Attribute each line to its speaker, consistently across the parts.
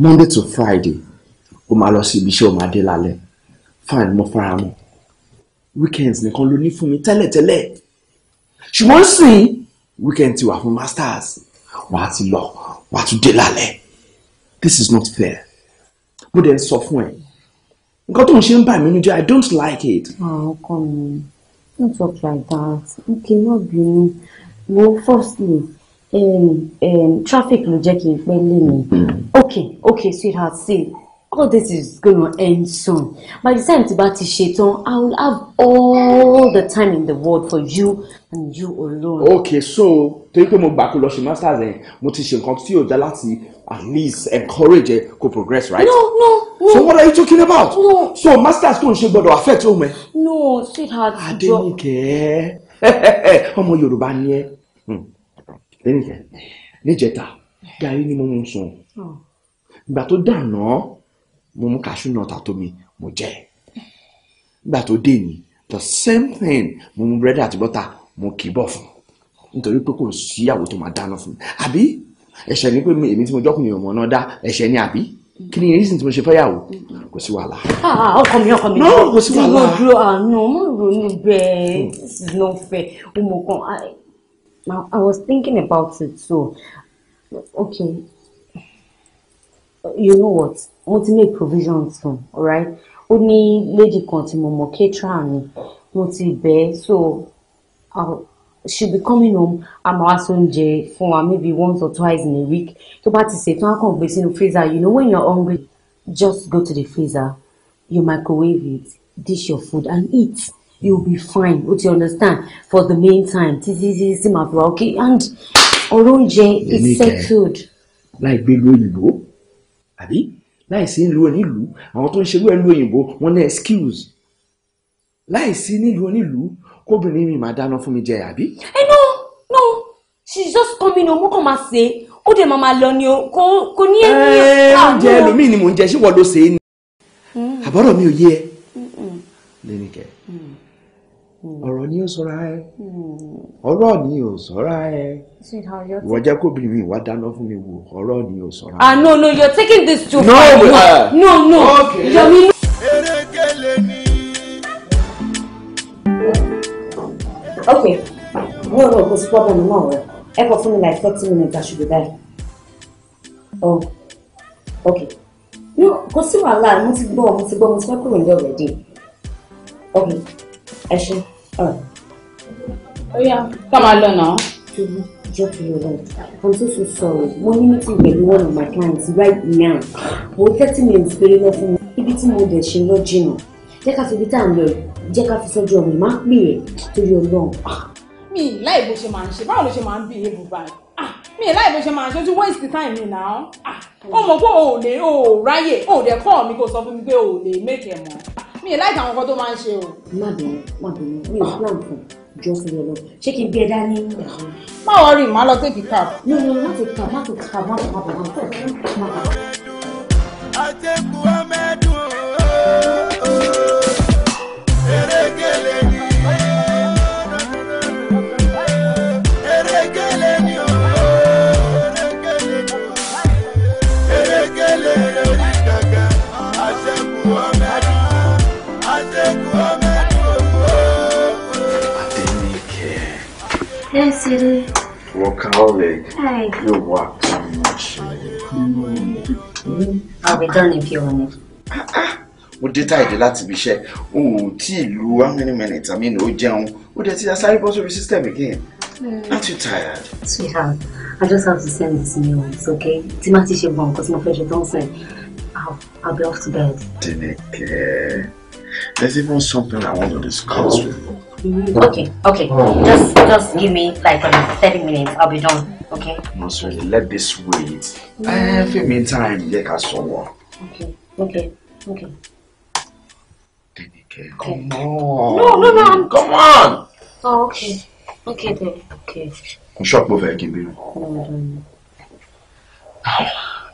Speaker 1: monday to friday ó máa lọ sí ibi iṣẹ́ ó máa dé lálẹ́ fine mo fara mọ́ weekends nìkan ló ní fún mi tẹ́lẹ̀tẹ́lẹ̀ ṣùgbọ́n sìn weekend ti wà fún masters wàá ti lọ wàá tún dé lálẹ́ this is not fair mo dẹ̀ sọ fún ẹ nǹkan tó ń ṣe ń bà mí nínú jẹ́ i don't like it.
Speaker 2: Ah, ọkọ mi don't talk like that okay no be me wo firstly um, um, traffic ló jẹ́ kí n pẹ́ lé mi hmm. okay okay sweetheart see all this is gonna end soon by the time tí bá ti ṣe tán i will have all the time in the world for you
Speaker 1: and you alone. okay
Speaker 2: so torí pé mo gbà kó lọ ṣe masters ẹ
Speaker 1: mo ti ṣe nǹkan tí yóò dá láti at least encourage ẹ kó progress right. no
Speaker 2: no No. So what are you
Speaker 1: talking about? No. So masters tó ń ṣe gbọ́dọ̀ affect ohun ẹ.
Speaker 2: No, sweetheart.
Speaker 1: Adénìkẹ́ ọmọ Yorùbá ni ẹ lẹ́yìn yẹn níjẹta gari ni mo mú sùn ìgbà tó dànà mo mú kaṣú náà ta tó mi mo jẹ ìgbà tó dé ni the same thing mo mú búrẹ́dì àti bọ́tà mo kì í bọ̀ fún nítorí pé kò síyàwó tó máa dáná fún mi àbí ẹ̀ṣẹ̀ ni pé èmi tí mo jọ́kùnrin ọmọ náà dá ẹ̀ṣẹ̀ ni àbí kí ni reason tí mo ṣe fẹ́yàwó kò sí wàhálà.
Speaker 3: Ah,
Speaker 2: ah, ọkọ mi ọkọ mi náà kò sí wàhálà. mo dúró àánú mo ronú bẹ́ẹ̀ ló ń fẹ́ ọmọ kan Now, I was thinking about it, so okay. You know what? Mo ti make provisions fún, alright? Ó ní lady kan tí mo mọ̀ caterer ni, so I'll, she'll be coming home I'm also wá sóúnjẹ fún maybe once or twice in a week. Tó To ti ṣètò àkàn in the freezer, you know when you're hungry, just go to the freezer, you microwave it, dish your food and eat you'll be fine o you understand for the meantime títí títí tí màá fi wá okay and ọ̀rọ̀ is settled.
Speaker 1: láì gbé ìlú òyìnbó àbí láì sí ìlú onílùú àwọn tó ń ṣerú ẹlú òyìnbó wọn ní excuse láì sí nílùú onílùú kóbìnrin mi máa dáná fún mi jẹ àbí. ẹ eh, no
Speaker 2: no she just come in o mú kàn máa ṣe ó dẹ̀ máa lọ ni o kò ní ẹni ọ̀sán. Eh, oúnjẹ ẹlòmíì
Speaker 1: ni mò ń jẹ ṣé wọ́n ló ṣe é ni àbọ̀rọ̀ mi ò yé ẹ lẹ́nìkẹ́ mm. Hmm. ọ̀rọ̀ ni ó sọra ẹ hmm. ọ̀rọ̀ ni ó sọra ẹ ìwọ jẹ́ kó bí mi wá dáná fún mi wò ọ̀rọ̀ ni ó sọra ẹ. ah
Speaker 2: no no you are taking this too far uh,
Speaker 4: no no no yomi.
Speaker 2: erékele ni. ok wọ́n rò kó sí pọ́bọ̀ mi náà rẹ̀ ẹ kọ fún mi like thirty minutes I should be there. oh ok kò sí wàhálà mo ti gbọ́ mo ti gbọ́ mo ti fẹ́ kúrò ní ọ̀rẹ́dì ok ẹ oh, ọ̀yà ká máa lọ náà. Drop your right. I'm so so sorry. Mo meeting pẹ̀lú one of my clients right now. We're thirty minutes péré lọ fún more than she mo dẹ̀ ṣe lọ jìnnà. Jẹ́ ká fi ibi tá à ń lọ jẹ́ ká fi sọ́jú ọmọ ìmá pè é torí Ọlọ́run. Mi láì bó ṣe máa ń ṣe báwo ló ṣe máa ń bí ewu báyìí. Mi láì bó ṣe máa ń ṣe ojú waste time mi náà. Ó mọ̀ pé o ò lè o ò ráyè o ò dẹ̀ kọ́ mi kó sọ fún mi pé o ò make ẹ̀ mọ́ mi láì tàwọn ọkọ tó máa ń ṣe o. má bínú má bínú mi ò plan fún jọ fún yọ lọ ṣé kí n gbé ẹ dání. má wọrí má lọ tètè kà. mi ò má tètè kà má tètè kà má tètè kà má tètè kà.
Speaker 4: àtẹkù ọmọ didn't. Workaholic.
Speaker 3: Hey. You
Speaker 4: work too much. Mm. I'll be done if you want it. mo dé táìdé
Speaker 1: láti ibi iṣẹ́ o ò Oh, ì lu how many minutes i mean Oh, jẹun o dẹ̀ ti da sáré bọ́ sórí system
Speaker 2: again mm. aren't you tired. sweetheart i just have to send this new one okay tí má ti ṣe gbọ̀n nǹkan tí mo fẹ́ ṣe tó ń sìn i'll be off to bed. Denike,
Speaker 1: there's even something i want to discuss with you.
Speaker 2: Mm-hmm. Okay, okay. Oh. Just just give me like um, 30 minutes. I'll be done. Okay?
Speaker 1: No, sorry. Let this wait.
Speaker 2: Mm. Every
Speaker 1: meantime, us someone.
Speaker 2: Okay, okay, okay.
Speaker 1: Okay, come okay. on.
Speaker 2: No, no, no. Come on. Oh, okay. Okay, then. Okay.
Speaker 1: I'm shocked over again, baby.
Speaker 2: No,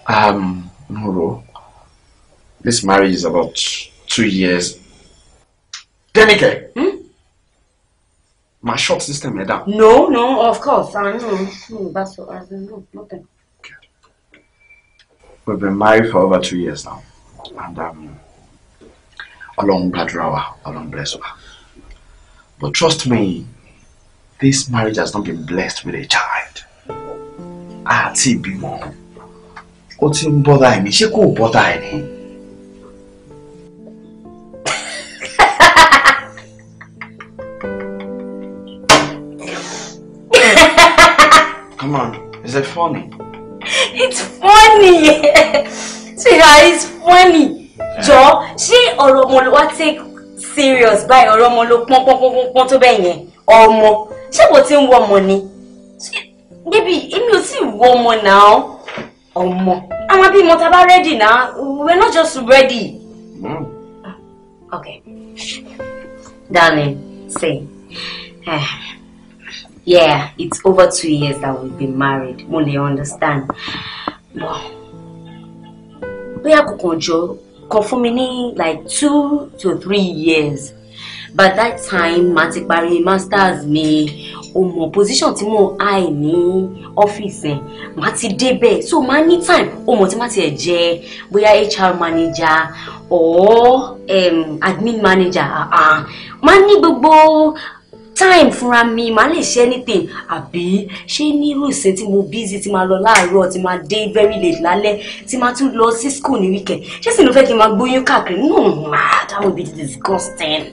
Speaker 1: Um, Noro, this marriage is about two years. Denike, hmm? My short system yẹn down. no
Speaker 2: no of course i know hmm, no that's so i know nothing. Good.
Speaker 1: we've been married for over two years now and um, along wa ọlọ́run bless wa but trust me this marriage has not been blessed with a child àti see ó ti ń bọ́dà ẹ̀mí ṣé kò bọ́dà ẹ̀ ni. Come on, is it funny?
Speaker 2: It's funny! Sweetheart, it's funny! Joe, she ọ̀rọ̀ ọmọ ló take serious by ọ̀rọ̀ ọmọ ló pọ́n pọ́n pọ́n pọ́n tó bẹ́ẹ̀ yẹn? Ọmọ, ṣé kò tí ń wọ baby, ni? Bébí, èmi ò tí now. wọ ọmọ náà. Ọmọ, àwọn bímọ tá a we're not just ready. Mm. Ah, okay. Darling, see. Yeah, it's over two years that we've been married. Mo you understand. But we have kàn jọ kàn like two to three years. But that time, màá ti masters me. O mọ̀ position tí mo high ní ọ́fíìsì ẹ̀. Màá So many time. O mọ̀ tí màá ti ẹ̀ jẹ́ HR manager or um, admin manager. Uh -uh. Màá ní time fúnra mi màá lè ṣe anything àbí ṣé nírú ìsìn tí mo busy tí máa lọ láàárọ̀ tí máa dé very late lálẹ́ tí máa tún lọ sí school ní weekend ṣé sì ló fẹ́ kí n máa gbóyún káàkiri no ma that would be disgusting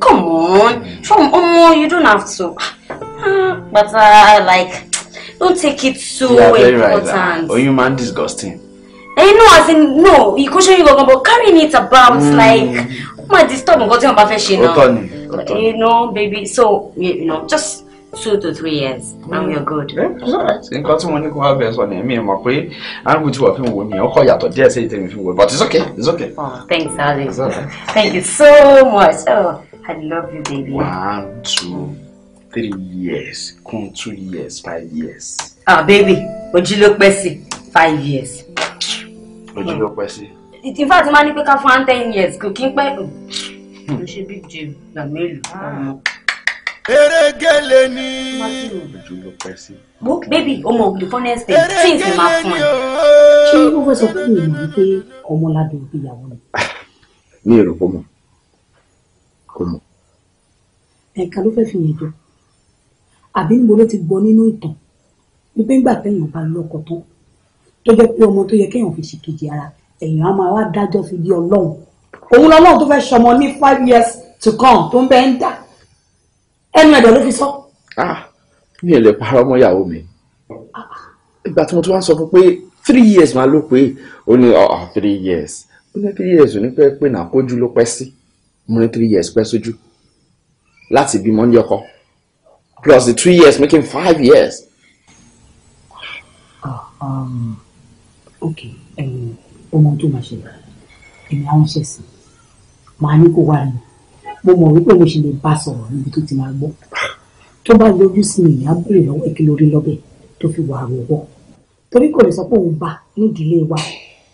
Speaker 2: come on from Omo you don't have to ah, but uh, like don't take it so important.
Speaker 1: oyún máa man disgusting.
Speaker 2: ẹyin eh, náà as in no ìkóṣe yín gangan but carrying it about mm. like ó máa disturb nǹkan tí wọn bá fẹ́ ṣe náà you know, eh, baby. So you know, just two to three years mm. and we're good.
Speaker 1: nǹkan tí mo ní kó wá bẹ sọ ni mi mọ̀ pé arúgbó tí wọ́n fi wò ni ọkọ̀ yàtọ̀ díẹ̀ sí ìtẹ̀mí fi wò but it's okay it's okay.
Speaker 2: Oh, thanks Ali It's alright. thank you so much oh I love you baby.
Speaker 1: one two three years kún two years five years.
Speaker 2: ah baby would you look messy? five
Speaker 1: years.
Speaker 4: Would you look messy?
Speaker 2: ìtìfà ti máa ní pé ká fún one ten years kò kí n ló ṣe big jim gbà mélòó
Speaker 4: ọmọ. Ah. erégele
Speaker 2: ni.
Speaker 1: ojú ló pẹ́ sí.
Speaker 2: mo bébì ọmọ ògùn fún next day things ni máa fún ẹ. ṣé wọ́n fẹ́ sọ fún mi wípé ọmọládé òbí ìyàwó ni.
Speaker 1: mi ò rò kó mọ̀ kó mọ̀.
Speaker 2: ẹ̀ka ló fẹ́ fi yẹn jọ àbí ń bo ló ti gbọ́ nínú ìtàn wípé ńgbà téèyàn bá lọ́kọ tán tó jẹ́ pé ọmọ tó yẹ kéèyàn fi ṣèkejì ara èèyàn á máa wá dájọ́ fi bí ọlọ́run òun lọ́lọ́run tó fẹ́ sọmọ ní five years to come tó ń bẹ́ ń dà ẹnu ẹ̀dọ̀ ló fi sọ. Ah,
Speaker 1: mi ò lè parọ́ mọ́ ìyàwó mi ìgbà
Speaker 2: tí mo tún wá sọ fún pé three
Speaker 1: years máa ló pé ó ní ah, ah, three years ó ní three years ò ní pẹ́ pé nà kójú ló pẹ́ sí mo ní three years pẹ́ sójú láti bímọ ní ọkọ plus the three years making five years.
Speaker 2: Uh, um, okay ọmọ tó máa ṣe yàrá èmi á ránṣẹ́ sí màá ní kó wà ní mo mọ̀ wípé mo ṣe lè bá sọ̀rọ̀ níbi tó ti máa gbọ́ tó bá yọjú sí mi ìyá béèrè lọ́wọ́ èkì lórí lọ́bẹ̀ tó fi wà rọ̀wọ́ torí kò lè sọ pé òun bá nídìílé wa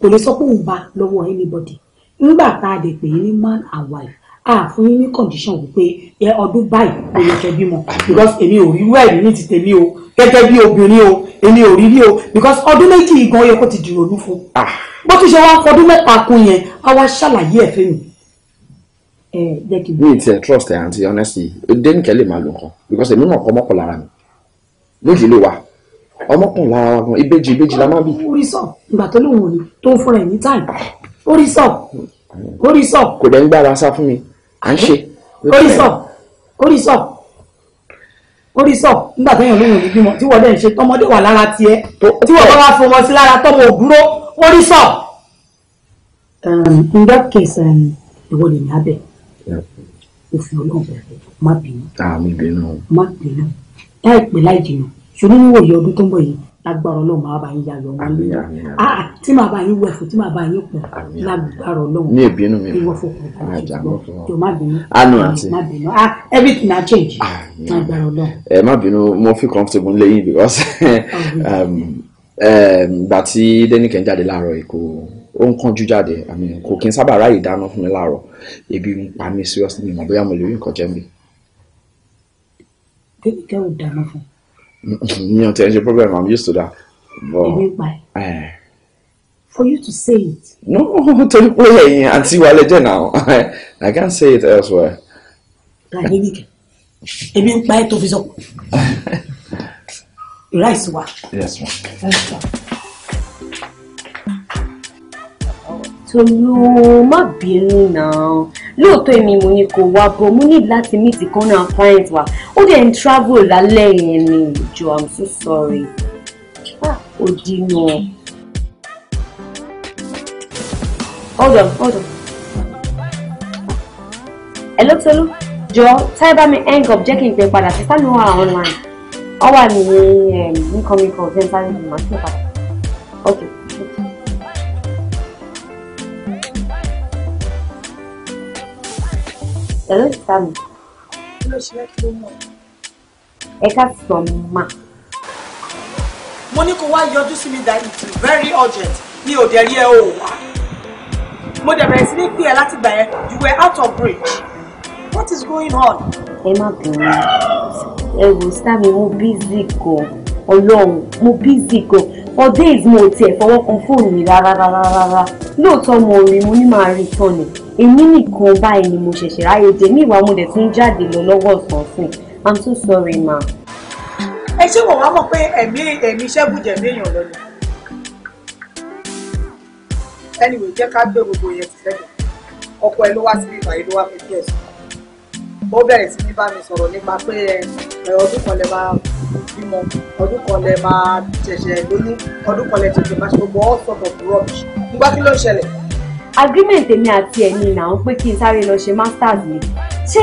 Speaker 2: kò lè sọ pé òun bá lọ́wọ́ anybody nígbà tá a dẹ̀ pè é ní man and wife a fún yín ní condition wípé ẹ ọdún báyìí kò yẹ kẹ́ bímọ because èmi ò rí wẹ́ẹ̀ ní ti tèmi o gẹ́gẹ́ bí obìnrin o èmi ò rí rí o because ọdún méjì gan yẹ kó ti dìrònú fún. Ah bó ti ṣe wá fọdún mẹ́ta kun yẹn a wá ṣàlàyé ẹ̀ fẹ́mi.
Speaker 1: mi ti ẹ trust ẹ àǹtí honestly dénìkẹ́ lè máa lò nǹkan because èmi náà kọ́ ọmọkùnrin lára mi méjì ló wà ọmọkùnrin lára wa gan ìbejì ìbejì la máa bí.
Speaker 2: orí sọ ìgbà tó lóun ò ní tó ń fúnra ẹ ní táì
Speaker 1: orí sọ orí sọ. kò dẹ́ ń gbára sá
Speaker 2: fún mi à ń ṣe. orí sọ orí sọ orí sọ nígbà tó yàn lóhùn ní bímọ tí wọn dẹ ṣe tọmọdé wà lára tiẹ̀ tí wọn bá wá fọmọ sí lára tọmọ òdúró orí sọ. Um, in that case um, ìwọ lè ní abẹ òfin Ọlọ́run
Speaker 1: má bínú ah,
Speaker 2: má bínú ẹ pè láì jìnnà ṣùgbọ́n níwò yẹ ọdún tó ń bọ̀ yìí lágbára Ọlọ́run máa bá yín ya yọ ọmọ yín ah tí màá bá yín wẹ̀fù tí màá bá yín kù lágbára Ọlọ́run ní ìbínú mi ìwọ fọkàn kan ṣùgbọ́n jọ má bínú má bínú ah everything has change lágbára Ọlọ́run.
Speaker 1: ẹ eh, má bínú mo feel comfortable nílé yín because. ìgbà tí dẹ́nìkẹ́ ń jáde láàárọ̀ yìí kò ó ń kánjú jáde kò kí n sábà ráàyè dáná fún mi láàárọ̀ ebi ń pa mí seriously mi mọ̀ bóyá mo lè rí nǹkan jẹ́ mi.
Speaker 2: dẹ́nìkẹ́ ò dáná fún.
Speaker 1: mi ò tẹ̀ ṣe problem i'm used to that. ebi ń pa ẹ. Eh.
Speaker 2: for you to say it.
Speaker 1: no torí pé ẹ̀yin àǹtí wa lè jẹ́ i can't say it elsewhere.
Speaker 2: ra dẹ́nìkẹ́ ebi ń pa ẹ tó fi sọ rice wa. yes ma. rice wa. Tolu má bínú náà lóòótọ́ èmi mo ní kó wá bọ̀ mo ní láti meet kan náà client wa ó dẹ̀ ń travel lálẹ́ yẹn ni ìjọ i'm so sorry ah, ó dínú. hold on hold on hello Tolu jọ táyé bá mi hang up jẹ́ kí n pè padà sí sálùwà online ọ wà ní nìkanìkan ọ̀sẹ̀ ń sáré ìgbìmọ̀ sí ìpadà ok. ẹ̀rọ ìta mi. ẹ̀ka sọ ma. mo ní kó wá yọjú sí mi that it is very urgent mi ò dẹ̀ Oh, ẹ o wá mo dẹ̀ bẹ̀rẹ̀ sí ní you were out of breath. What is going on? Ẹ má bínú. Ẹ̀rù sá mi mo bízì gan. Ọlọ́run mo bízì gan. For days mo tiẹ̀ fọwọ́ kan fóònù mi rárá rárá rárá. Lóòótọ́ mo rí mo ní máa rí tán ni. Èmi nìkan báyìí ni mo ṣẹ̀ṣẹ̀ ráyè jẹ. Ní ìwà mo dẹ̀ tún jáde lọ lọ́wọ́ ọ̀sán sìn. I'm so sorry ma. Ẹ ṣé wọ́n wá mọ̀ pé ẹ̀mí ẹ̀mí ṣẹ́gun jẹ̀mí èèyàn lọ ni? Anyway, jẹ́ ká gbé gbogbo yẹn ti sẹ́yìn ọkọ ẹ ló wá síbí ìbàyè ló wá fi kí ẹ̀sùn ó bẹ̀rẹ̀ sí ní bá mi sọ̀rọ̀ nípa pé ọdún kan lè máa bímọ ọdún kan lè máa ṣẹ̀ṣẹ̀ lóyún ọdún kan lè ṣẹ̀ṣẹ̀ máa ṣe gbogbo all sort of rubbish nígbà kí ló ń ṣẹlẹ̀. agreement èmi àti ẹ̀ ni àwọn pé kí n sáré lọ ṣe masters mi ṣé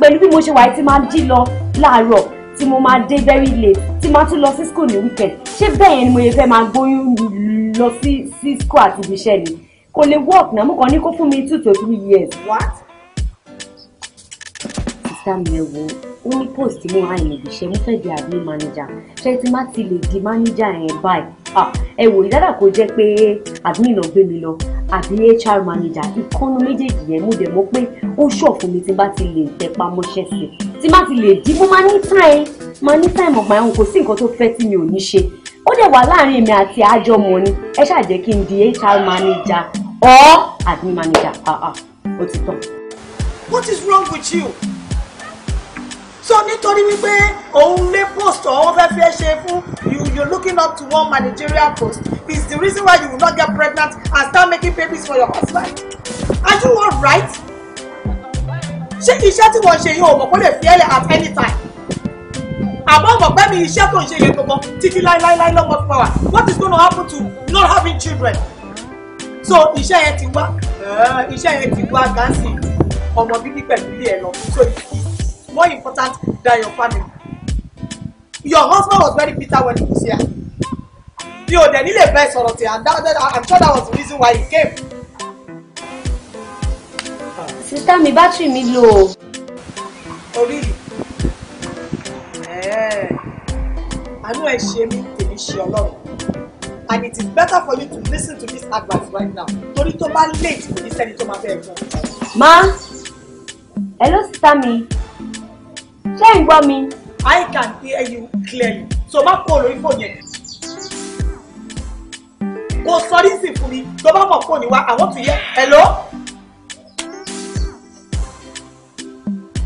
Speaker 2: pẹ̀lú bí mo ṣe wáyé tí máa jí lọ láàárọ̀ tí mo máa dé very late tí máa tún lọ sí school ní weekend ṣé bẹ́ẹ̀ yẹn ni mo yẹ fẹ́ máa gbóyún lọ sí sí school àti ibiṣẹ́ ni kò lè work náà mo kàn ní kó fún mi two to three years. what dá mi ó ní post tí mo hàn níbi fẹ́ di admin manager ṣé tí má ti lè di manager yẹn báyìí ẹ wò ìdádà kó jẹ́ pé admin náà mi lọ àbí HR manager ìkọ́nu méjèèjì yẹn mo dẹ̀ mọ̀ pé ó ṣọ̀fun mi tí bá ti lè tẹpa mọ́ṣẹ́ sí tí má ti lè dí mo máa ní time máa ní time ọ̀gbà ẹ̀hún kò sí nǹkan tó fẹ́ tí mi ò ní ṣe ó dẹ̀ wà láàrin èmi àti àjọmọ̀ ni ẹ ṣáà kí n di HR manager or admin manager ó ti tán. What is wrong with you? so nítorí wípé òun lé post ọ̀hún fẹ́ fẹ́ ṣe fún you you looking up to one managerial post is the reason why you will not get pregnant and start making babies for your husband are you alright ṣé iṣẹ́ tí wọ́n ṣe yìí ò mọ̀ kó lè fi ẹ́ at any time àmọ́ ọ̀pẹ́ mi iṣẹ́ tó ń ṣe yẹn gbogbo títí láíláíláí lọ́gbọ́n fún wa what is gonna happen to not having children so iṣẹ́ yẹn ti wá iṣẹ́ yẹn ti wá gáàsì ọmọ bíbí pẹ̀lú ilé ẹ lọ so more important than your family. Your husband was very bitter when he was here. Mi ò dẹ̀ nílé bẹ́ẹ̀ sọ̀rọ̀ tí and that, that, I'm sure that was the reason why he came. Sister, my battery mi low. Oh really? mi. I know ṣe mí, èmi ṣe Ọlọ́run. And it is better for you to listen to this advice right now. Torí tó bá late kò ní sẹ́ni tó máa fẹ́ ẹ̀ hello sista mi ṣé ń gbọ́ mi. I can hear you clearly so má kó olórí fò yẹn. kò sọ rísì fún mi tó bá mọ̀ fóònù wa I want to hear hello.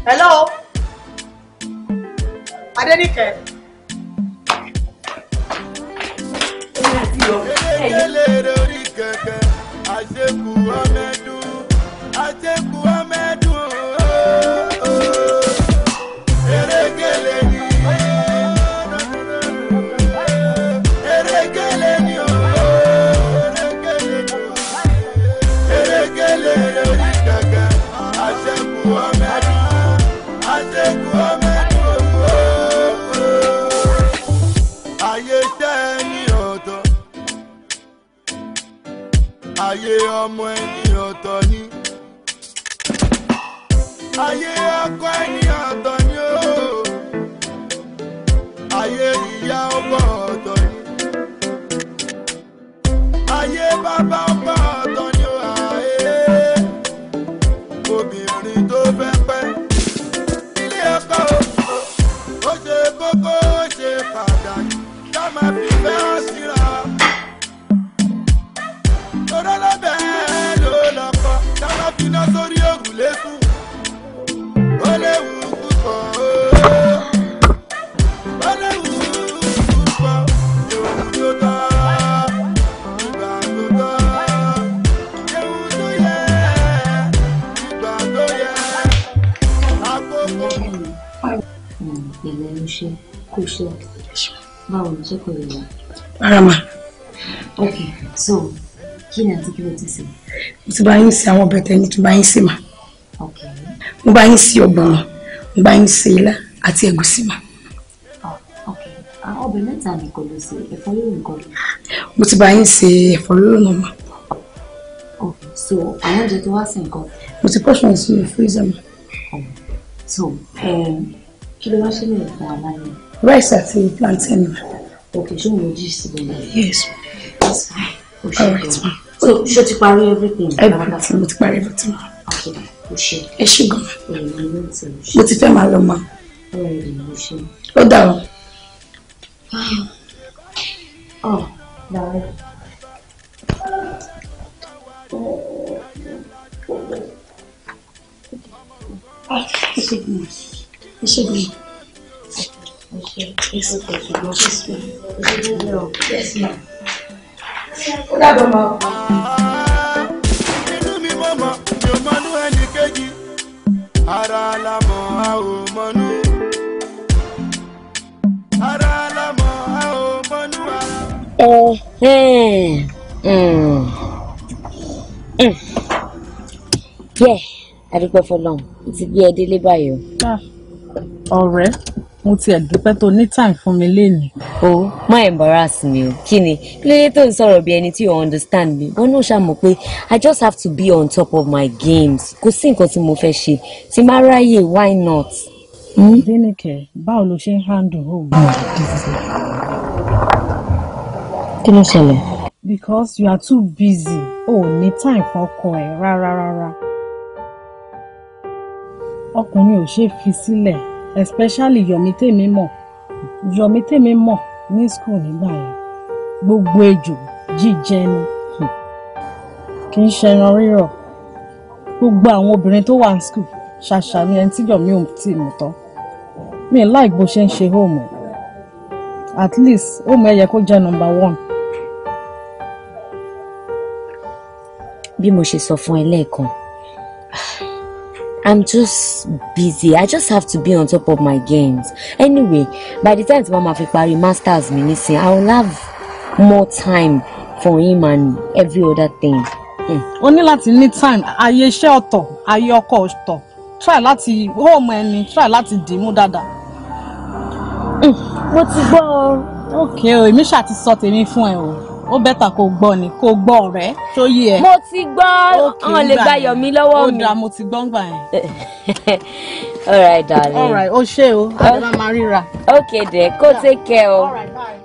Speaker 2: hello. Adéníkẹ́.
Speaker 4: ẹ̀yin. ẹ̀yin. àṣekù ọmọ ẹ̀. waiting.
Speaker 2: ṣe báwo ló ṣe kò lè wá. rárá ok so kí ni àti kí ló ti sè. mo ti bá yín ṣe àwọn bẹ̀tẹ̀ ní tí bá yín ṣe mà. ok. mo bá yín ṣe ọ̀gbọ̀nọ̀ mo bá yín ṣe ilá àti ẹ̀gúsí mà. Ah, ok ah, ọbẹ̀ mẹ́ta ni kò lè ṣe ẹ̀fọ́ yóò nǹkan. mo ti bá yín ṣe ẹ̀fọ́ ok so àwọn oúnjẹ tó wá sí nǹkan. mo ti pọ́ṣọ̀ sí freezer mà. so um, kí ló wá ṣe lè fún rice àti plantain. ok ṣé mo jí síbẹ̀ yẹn. yes ma. that's fine. o ṣe right ma. so ṣé o ti parí everything. everything mo ti parí everything. ok o ṣe. ẹ ṣe gan. mo ti ah. Oh, máa Oh, ma. Oh, dà Oh, ọ̀ Oh, Ay, Oh, es Oh, Ese Oh, mío ó
Speaker 4: dàbọ̀ máa mm. mm. kú. inú mi mọ̀ mọ̀ mi ò mọnú ẹnì kejì ara la
Speaker 2: yẹ adúpẹ́ fọlọ́run ti gbé ẹ délé báyìí ah, ọ̀rẹ́ mo tiẹ̀ dúpẹ́ tó ní time fún mi lénìí. o má embarrass mi o kí ni kí tó ń sọ̀rọ̀ bí ẹni tí o understand mi wọn náà ṣàmọ̀ pé i just have to be on top of my games kò sí nǹkan tí mo fẹ́ ṣe tí má ráyè why not. Hmm? dénìkẹ́ báwo ló ṣe ń handle home. kí ló ṣẹlẹ̀. because you are too busy o oh, ní time fọkọ ẹ rárá rárá ọkùnrin ò ṣe fi sílẹ̀ especially yomi tèmi mọ̀ yomi tèmi mọ̀ ní school nígbà yẹn gbogbo ejò jíjẹ ni hmm. kì í ṣẹran rírọ̀ gbogbo àwọn obìnrin tó wà ní school ṣàṣà ni ẹni tí yomi ò tí mú tán mi láì bó ṣe ń ṣe home at least home ẹ yẹ kó jẹ́ number one. bí mo ṣe sọ fún ẹ lẹ́ẹ̀kan I'm just busy. I just have to be on top of my games. Anyway, by the time Mama màá masters mi I will have more time for him and every other thing. Hmm. Only ní láti ní time, ayé iṣẹ́ ọ̀tọ̀, ayé ọkọ coach? Try láti home ẹni, try láti dìímú dada. What's hmm. it gbọ́ o. Ok o, èmi ṣáà ti sọ tèmi ó bẹ́tà kó gbọ́ ni kó gbọ́ ọ̀rẹ́ tó yé ẹ. mo ti gbọ́ ọ̀n lè gba yọ̀ mí lọ́wọ́ mi. ó dáa mo ti gbọ́ ngbà yẹn. all right darling. all right o ṣé o adé máa ríra. okay dẹ̀ kó take care o. all right bye.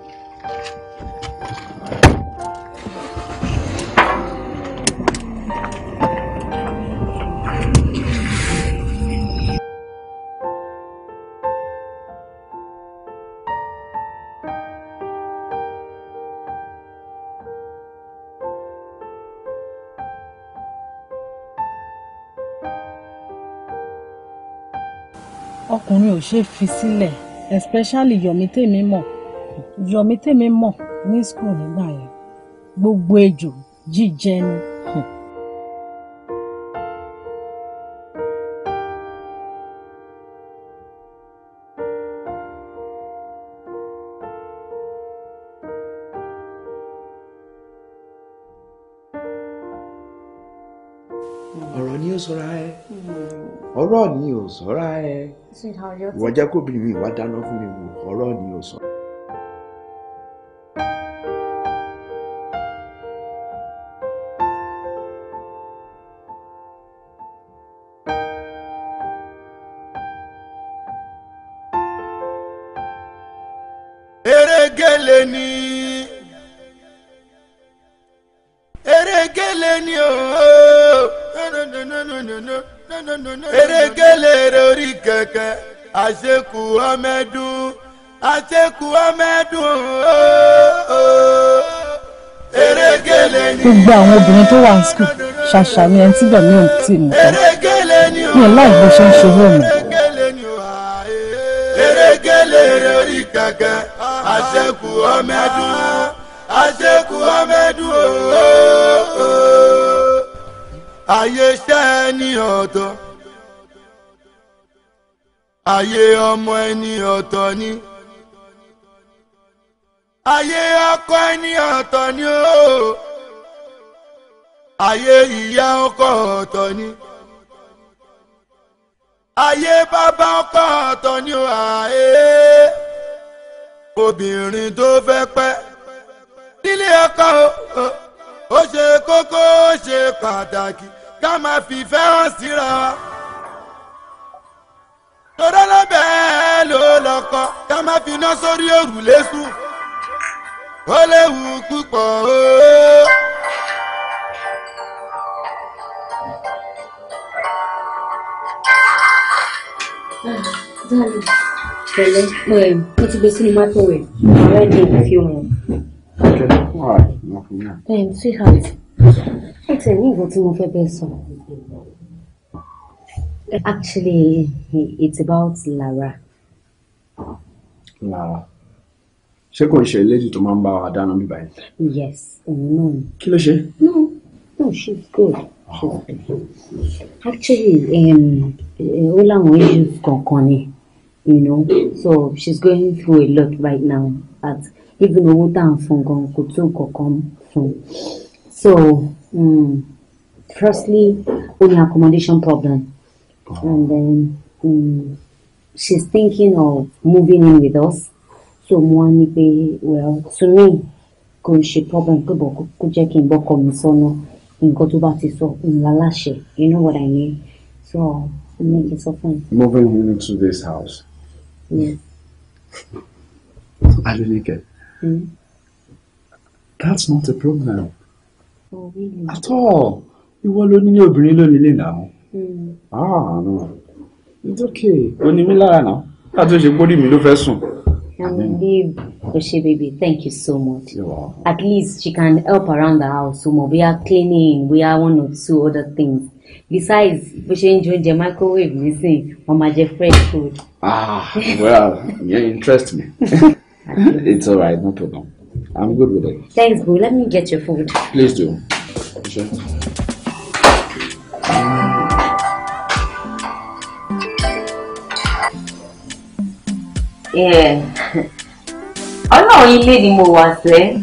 Speaker 2: ò ṣe fi sílẹ̀ especially yọ̀mí tèmi mọ̀ yọ̀mí tèmi mọ̀ ní school nígbà yẹn gbogbo ejò jíjẹ ni.
Speaker 1: ọ̀rọ̀ ni ó sọra ẹ
Speaker 3: hmm.
Speaker 1: ọ̀rọ̀ ni ò sọra ẹ ìwọ jẹ́ kóbìnrin mi wá dáná fún mi wò ọ̀rọ̀ ni o sọ.
Speaker 2: gbogbo àwọn obìnrin tó wà ní skul ṣàṣà ni ẹni tí gbẹ̀mí ò tí ì mú kọ́ mi ò láì bó ṣe ń ṣe wọ́n mi.
Speaker 4: erékélé rẹ orí kẹ̀kẹ́ àṣekù ọmẹdùn àṣekù ọmẹdùn ooo àyè iṣẹ́ ẹni ọ̀tọ̀ àyè ọmọ ẹni ọ̀tọ̀ ni ayé ọkọ ẹni ọ̀tọ̀ ni ó ayé ìyá ọkọ ọ̀tọ̀ ni ayé bàbá ọkọ ọ̀tọ̀ ni ó àyè obìnrin tó fẹ́ pẹ́ nílé ọkọ ó ṣe kókó ó ṣe pàtàkì ká máa fìfẹ́ hàn síra wa tọ́lọ́lọ́ bẹ́ẹ̀ ló lọ́kọ́ ká má fi iná sórí òrùlé sùn ó léwu púpọ̀ ooo.
Speaker 2: darling pẹ̀lẹ́ ẹ̀ mo ti gbé sínú microwave ọ̀rẹ́ ní ìfi wọn. ẹm sweetheart ẹ tẹ̀ ní ìwọ tí mo fẹ́ bẹ́ẹ̀ sọ. actually it's about Lara.
Speaker 3: Lara
Speaker 1: ṣé kò ń ṣe lady tó máa ń bá wa dáná mi báyìí.
Speaker 2: yes òun náà ni. kí ló ṣe. no no she's good. Ah, actually eh, ó láwọn issues kankan ni you know so she's going through a lot right now at even owó tá à ń fún gan kò so um, firstly only accommodation problem oh. and then um, she's thinking of moving in with us so mo wá well to me kò she ṣe problem pé bọ̀ kó jẹ́ in n bọ́ kọ́ mi sọ́nà you know what I mean so mo ní kí
Speaker 1: n moving into this house. Yeah, Nie. Arenike. Mm? That's not a problem. Oh, really? At all. Ìwọ ló ní ní obìnrin lónìí lè nà án. Ah, no. It's okay. O ní mi lára náà. Láti ṣe gbórí mi ló fẹ́ sùn.
Speaker 2: Babe, Oshé baby, thank you so much. You're welcome. At least she can help around the house. Omo, we are cleaning, we are one or two other things besides bó ṣe ń jẹ oúnjẹ microwave nísìn wọn máa jẹ fresh food.
Speaker 1: ah well you interest me it's alright no problem i'm good with it.
Speaker 2: thanks bro let me get your food.
Speaker 1: please
Speaker 3: do. Sure.
Speaker 2: ọlọ́run ilé ni mo wà sẹ́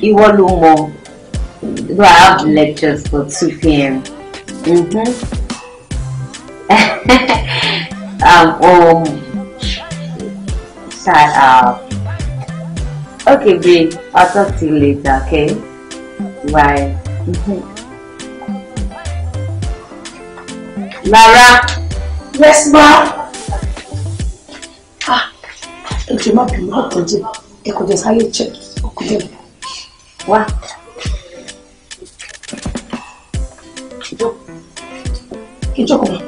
Speaker 2: ìwọ ló mọ̀ do I have lectures for 2 p.m. Mm-hmm. um, um, shut up. Okay, babe, I'll talk to you later, okay? Bye. Mm-hmm. Lara. Yes, ma. Ah, ẹ jẹ́ má bínú ọ̀tọ̀ jẹ́ ẹ kò just hire jẹ́ ọkùnrin. Wá. ìjókòó.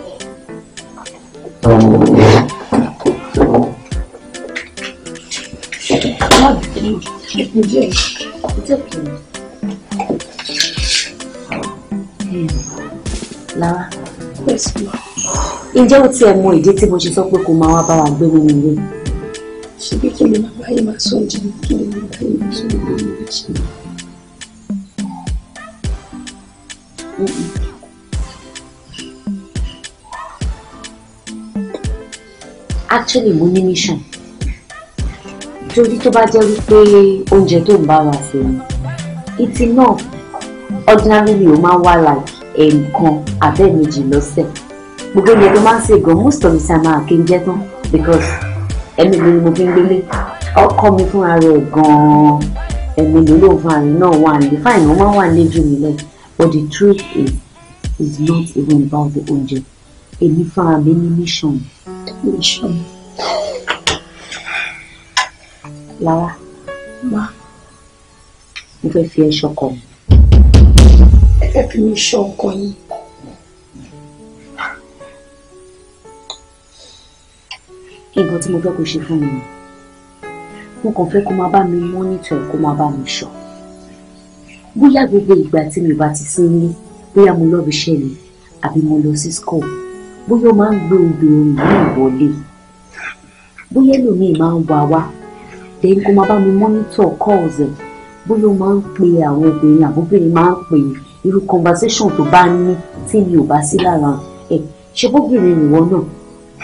Speaker 2: Lára, ǹjẹ́ o tiẹ̀ mọ ìdí tí mo ṣe sọ pé kó máa wá bá wa gbé nínú ilé? Ṣé bí kí ni bàbá yìí máa sọ ǹjẹ́ kí actually mo ní mission torí tó bá jẹ́ wípé oúnjẹ tó ń bá wa ṣe ni ìtì náà ordinarily ó máa wá like ẹ̀ẹ̀kan abẹ́ẹ̀mejì lọ́sẹ̀ gbogbo ìyẹn tó máa ń ṣe gan most of the time máa kí n jẹ́ tán because ẹ̀mí mi ni mo fi ń gbélé ọkọ mi fúnra rẹ̀ gan-an ẹ̀mí mi ló fúnra rẹ̀ náà wà ní fáìn wọn máa wà lójú mi lẹ́yìn but the truth is it's not even about the oúnjẹ èmi fúnra mi ní mission mi. Nation. Lára. Má. Mo fẹ́ fi ẹṣọ kọ mi. Ẹ fẹ́ fi mi ṣọ ọkọ yín. Nǹkan tí mo fẹ́ kó ṣe fún mi ni. Mo kàn fẹ́ kó máa bá mi mọ́nítọ̀ kó máa bá mi ṣọ. Bóyá gbogbo ìgbà tí bóyá ó máa ń gbé obìnrin yìí wọlé bóyá ẹlòmíì máa ń wà wá lẹ́yìn kó máa bá mi mọ́nítọ̀ calls ẹ̀ bóyá ó máa ń pe àwọn obìnrin àbóbìnrin máa ń pe irú conversation tó bá ní tí mi ò bá sí lára ẹ̀ ṣe bóbìnrin nìwọ náà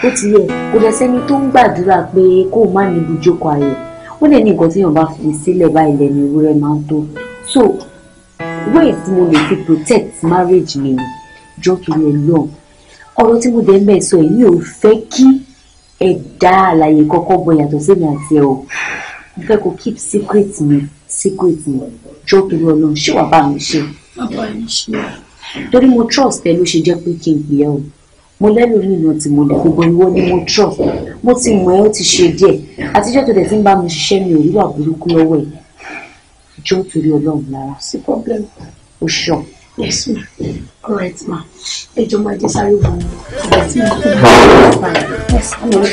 Speaker 2: ó ti yẹ kò dẹ̀ sẹ́ni tó ń gbàdúrà pé kó o má ní ibùjókòó ayọ̀ ó lè ní nǹkan tí èèyàn bá fi sílẹ̀ báyìí lẹ́nu ewúrẹ́ máa ń tó so way tí mo lè fi protect marriage mi jọ́ kiri ẹ̀ lọ́hùn ọ̀rọ̀ tí mo dẹ̀ ń bẹ̀ sọ yìí ò fẹ́ kí ẹ dá àlàyé kọ́kọ́ bọ yàtọ̀ sí mi àti ẹ o mo fẹ́ kó keep secret mi secret mi jọ́ torí ọlọ́run ṣé wàá bá mi ṣe.
Speaker 3: bàbá mi ṣe.
Speaker 2: torí mo trust ẹ ló ṣe jẹ́ pé kí n pè ẹ́ o mo lẹ́rù nínú tí mo lè gbogbo ìwọ ni mo trust mo ti mọ̀ ẹ́ ó ti ṣe díẹ̀ àtijọ́ tó dẹ̀ ti ń bá mi ṣiṣẹ́ mi ò rí wà burúkú lọ́wọ́ ẹ̀ jọ́ torí ọlọ́run lára sí problem ó ṣọ̀pọ̀. Yes, ma. All right, ma. Ẹ jọ̀ọ́ ma jẹ́ sáré wọ̀ ọ́. Yes, ma. Yes, I'm ma.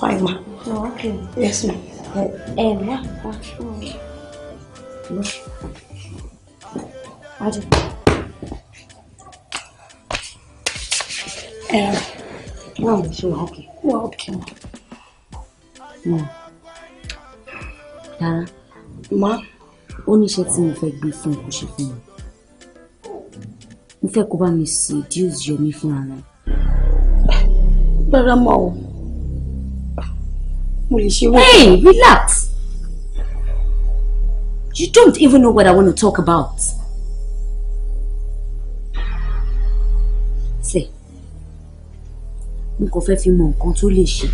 Speaker 4: Fine, ma. Oh, okay. Yes, ma. Eh, eh,
Speaker 3: ma. Oh, sure. Warte.
Speaker 2: Äh, ja, das ist überhaupt nicht. Überhaupt nicht. Mom. Rárá. Má. Ó níṣẹ́ tí mo fẹ́ gbé fún kò ṣe fún mi. Mo fẹ́ kó bá mi seduce Yomi fún Hey, relax. You don't even know what I want to talk about. mo kàn fẹ́ fi mọ nǹkan tó lè ṣe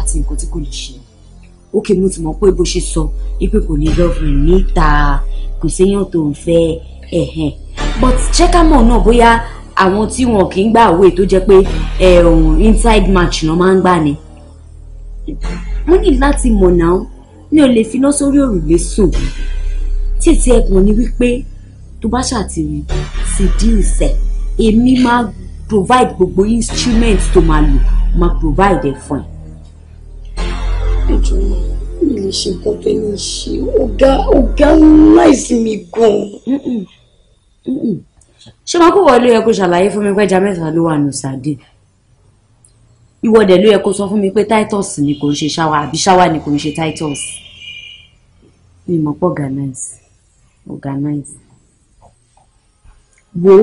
Speaker 2: àti nǹkan tí kò lè ṣe ókè mo ti mọ̀ pé bó ṣe sọ ipe kò ní girlfriend níta kò séyàn tó ń fẹ́ ẹ̀hẹ̀n but jẹ́ ká mọ̀ náà bóyá àwọn tí wọn kì í gbà away tó jẹ́ pé inside match náà máa ń gbà ni mo ní láti mọ̀ náà mi ò lè finá sórí òrùlé sùn títí ẹkùn ni wípé tó bá ṣàtìrìn sì dín èmi máa provide gbogbo instrument to máa lò máa provide ẹ̀ fún ẹ. ẹjọ mi lè ṣe nǹkan tó ní ṣe ọgá ọgá láìsí mi gan-an. ṣé máa kó wọlé yẹ kó ṣàlàyé fún mi pé ẹja mẹ́ta ló wà nù sàdé ìwọ dẹ̀ ló yẹ kó sọ fún mi pé titus ni kò ń ṣe ṣáwá àbí ṣáwá ni kò ń ṣe titus mi mọ̀ pọ̀ organize organize wo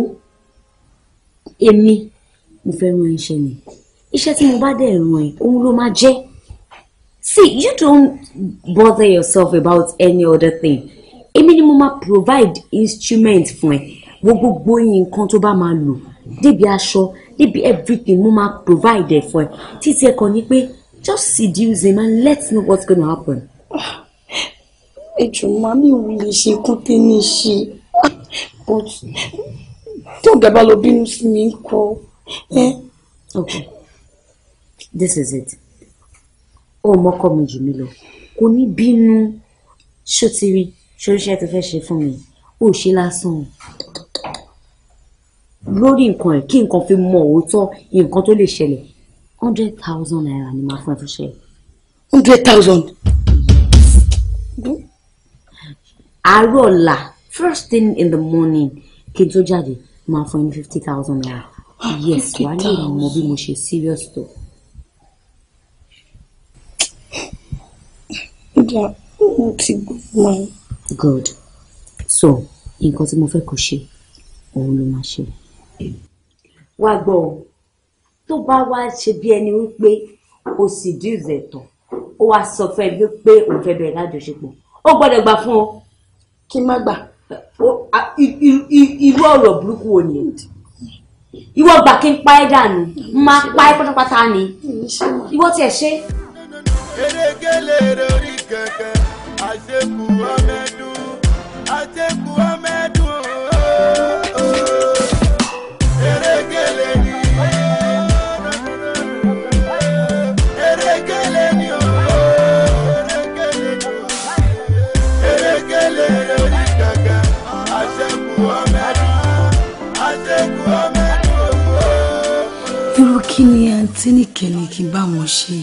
Speaker 2: èmi mo fẹ́ rán iṣẹ́ ni iṣẹ́ tí mo bá dẹ̀ ràn ẹ́ òun ló máa jẹ́ see you don't bother yourself about any other thing èmi ni mo máa provide instrument fún ẹ wo gbogbo nǹkan tó bá máa lò débi aṣọ débi everything mo máa provide ẹ fún ẹ títí ẹ kàn ní pé just seduce him and let's know what's gonna happen. Ah, ẹ jọ̀ọ́ màmí ò lè ṣe kó tẹ́ ní ṣe ah, but tó ń gẹ̀bá lọ bínú sí mi kọ. okay this is it Oh, mọ́kọ́ mi jù mí lọ kò ní bínú ṣótìrí ṣoríṣẹ́ tó fẹ́ ṣe fún mi ó ṣe lásán lórí nǹkan ẹ̀ kí nǹkan fi mọ òótọ́ nǹkan tó lè ṣẹlẹ̀ hundred thousand naira ni màá fún ẹ fún ṣe. hundred thousand. àárọ̀ ọ̀la first thing in the morning kí n tó jáde Ma fún yín fifty thousand naira ah, yes wà á lè mọ mo ṣe serious tó. ìjà mo ti gbọ́ mọ́. good so nǹkan tí mo fẹ́ kó ṣe òun ló máa ṣe. wá gbọ́ o tó bá wá ṣe bí ẹni wípé o sì dùn ẹ̀tọ́ ó wá sọ fún ẹ pé òun fẹ́ bẹ̀rẹ̀ lájọṣepọ̀ ó gbọ́dọ̀ gbà fún ọ. kí n má gbà irú ọ̀rọ̀ burúkú wo ni ìwọ gbà kí n pa ẹ́ dànù máa pa ẹ́ pátápátá ni ìwọ tiẹ̀ ṣe.
Speaker 4: erékélé lórí kẹ̀kẹ́ àṣekù ọmẹdùn àṣekù ọmẹdùn
Speaker 2: àǹtí nìkẹ́ ni kí n bá wọn ṣe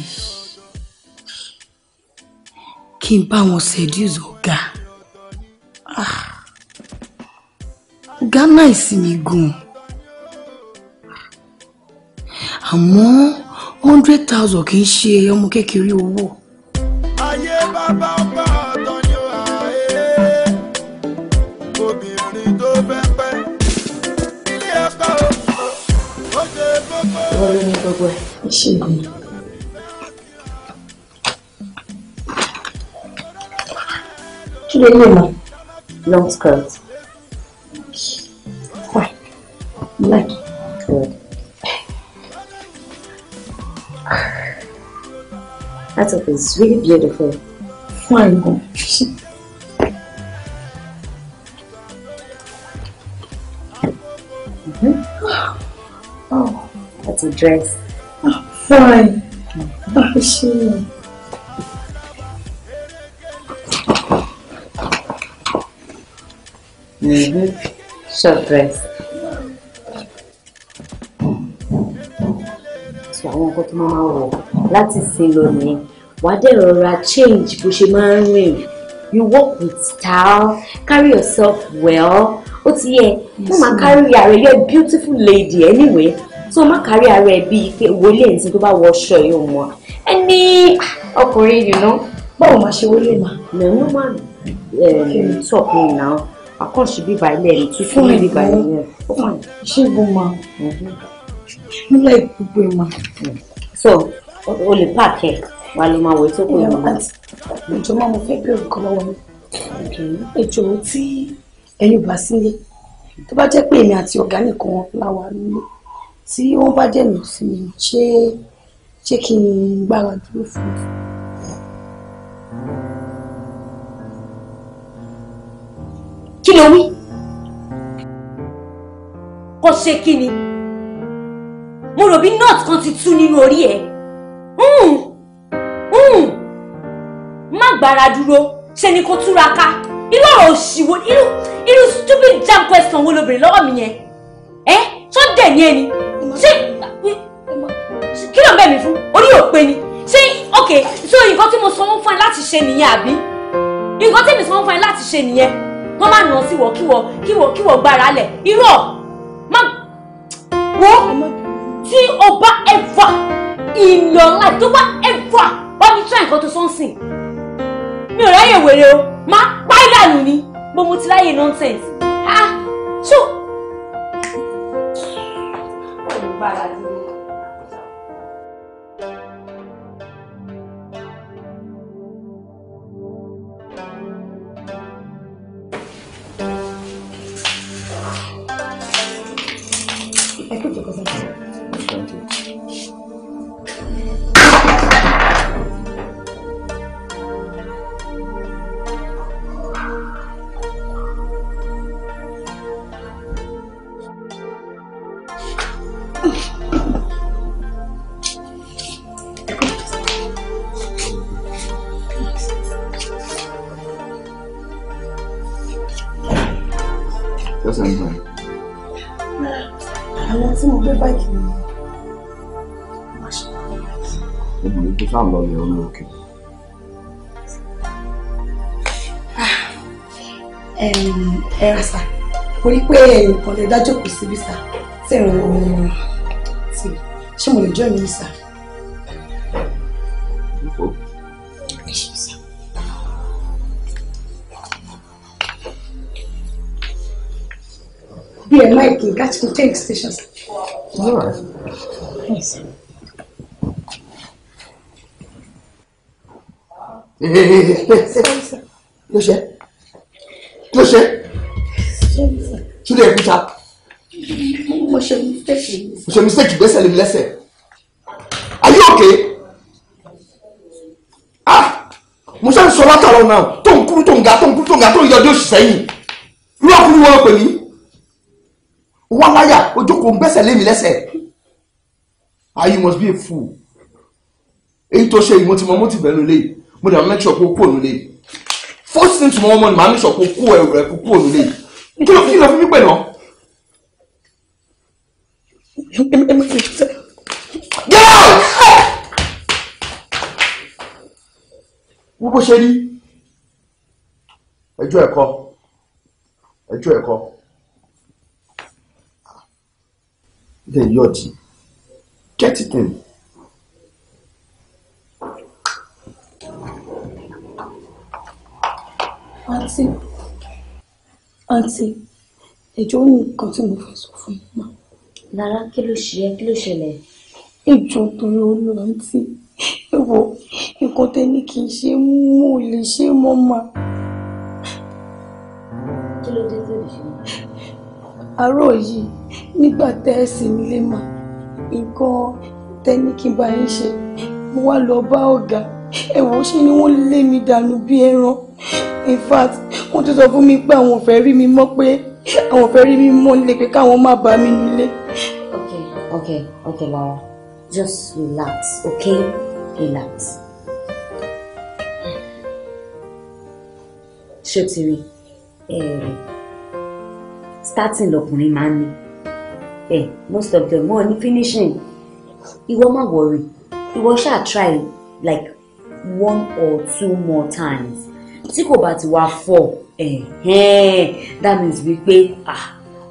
Speaker 2: kí n bá wọn seduce ọ̀gá ah! ọ̀gá náà ìsinmi gùn àmọ́ hundred thousand kì í ṣe ọmọ kékeré owó.
Speaker 4: ayé bàbá
Speaker 2: gbogbo ẹ̀ ṣègùn. kí ló lè mọ long skirt. Why? Like good. That top is really beautiful. Fine. mm -hmm. Oh, that's a dress.
Speaker 3: Why? Bá ṣe é.
Speaker 2: Mm-hmm. Short dress. So àwọn nǹkan tó máa wọ̀ láti sin lọ nìyẹn. Wàá dẹ̀ change bó ṣe máa ń You walk with style, carry yourself well. Ó yeah, yẹ, carry ara, you're a beautiful lady anyway so má kárí ara ẹ bíi pé wọlé ẹ̀ ń sin tó bá wọ ọṣọ yìí ò mọ ẹni ọkùnrin yìí ná báwo máa ṣe wọlé mà. lẹ́yìn máa um, talk me now àkànṣe bíbá ilé ẹni tún fún mi bíbá ilé ẹ. ṣé mo máa nílẹ̀ gbogbo ẹ̀ máa. so o lè pààkì ẹ̀ wà ló máa wọ ètò kò yẹn mọ́. ìjọ máa mo fẹ́ bẹ̀rù kan lọ́wọ́ mi ìjọ tí ẹni bá sílé tó bá jẹ́ pé èmi àti ọ̀gá nìkan láwa nílé tí wọ́n bá dẹ̀nà sí mi ṣé ṣé kí n gbára dúró fún mi. kí ló wí kó ṣe kí ni mo rò bí nut kan ti tú nínú orí ẹ hmm. Hmm. má gbára dúró ṣe ni kó túraká irú ọ̀rọ̀ òṣìwò irú irú stupid jam question wo lóbìnrin lọ́wọ́ mi yẹn ẹ tó dẹ̀ ní ẹni ṣé kí ló ń bẹ̀ mí fún orí ò pé ni ṣé ok so nǹkan tí mo sanwó fún ẹ láti ṣe nìyẹn àbí nǹkan tí mi sanwó fún ẹ láti ṣe nìyẹn wọ́n máa nà sí wọ kíwọ kíwọ kíwọ gbára lẹ̀ irọ́ má wo tí o bá ẹ̀fà ìlọ́lá tó bá ẹ̀fà bá mi tún nǹkan tó sọ́nsìn mi ò ráyè wèrè o má pàìlànù ni gbogbo ti láyè nonsense ah so. para ẹ̀rà sà mo rí pé nǹkan lè dájú kù síbi sà tí ẹ̀rọ ohun ti ṣé mo lè jọ ìyìn sà. Be a Mike, you got to take stations.
Speaker 3: All right. Nice. Hey, hey, hey, hey, hey, hey,
Speaker 2: hey, hey,
Speaker 1: hey, hey, hey, kí ló ṣe ṣúlẹ̀ ẹ̀kú ta.
Speaker 2: mo ṣe mistake.
Speaker 1: mo ṣe mistake gbèsè lè lẹ́sẹ̀ are you okay? ah mo ṣe ń sọ látàrọ náà tó ń kúrú tó ń ga tó ń kúrú tó ń ga tó ń yọjú oṣù sẹ́yìn lọ́kùnrin wọn pè mí wá láyà ojókòó ń gbẹ́sẹ̀ lé mi lẹ́sẹ̀ ah you must be a fool èyí tó ṣe ìmọ̀tìmọ̀ mọ́tìbẹ̀ ló lé mo dàbí mẹ́tíọ̀ pé ó pò ló lé yìí first thing tomorrow morning màá mi sọ kó kó ẹrù ẹ kó kó òun lè kí ló kí ló fi mí pè náà. Get
Speaker 2: out! Wọ́n bó ṣe rí
Speaker 1: ẹjọ́ ẹ̀kọ́ ẹjọ́ ẹ̀kọ́ then yọ̀dí get it in.
Speaker 2: àǹtí àǹtí ẹjọ́ ní nǹkan tí mo fẹ́ sọ fún yín mọ́. lára kí ló ṣe ẹ́ kí ló ṣẹlẹ̀. ìjọ torí olú àǹtí ẹ wo nǹkan tẹ́ni kì í ṣe mú o lè ṣe mọ́ mà. kí ló dé tó lè ṣe. àárọ̀ yìí nígbà tẹ́ ẹ sì nílé mà nǹkan tẹ́ni kí n bá yín ṣe mo wá lọ bá ọ̀gá ẹ̀wọ̀n ṣe ni wọ́n lé mi dànù bí ẹran in fact wọ́n ti sọ fún mi pé àwọn ò fẹ́ rí mi mọ́ pé àwọn ò fẹ́ rí mi mọ́ nílé pé káwọn má bá mi nílé. okay okay okay Lara just relax okay relax. ṣé o eh, starting lọkùnrin máa ń ní eh, most of them wọn ní finishing ìwọ má worry ìwọ ṣáà try like one or two more times tí kò bá ti wá fọ that means wípé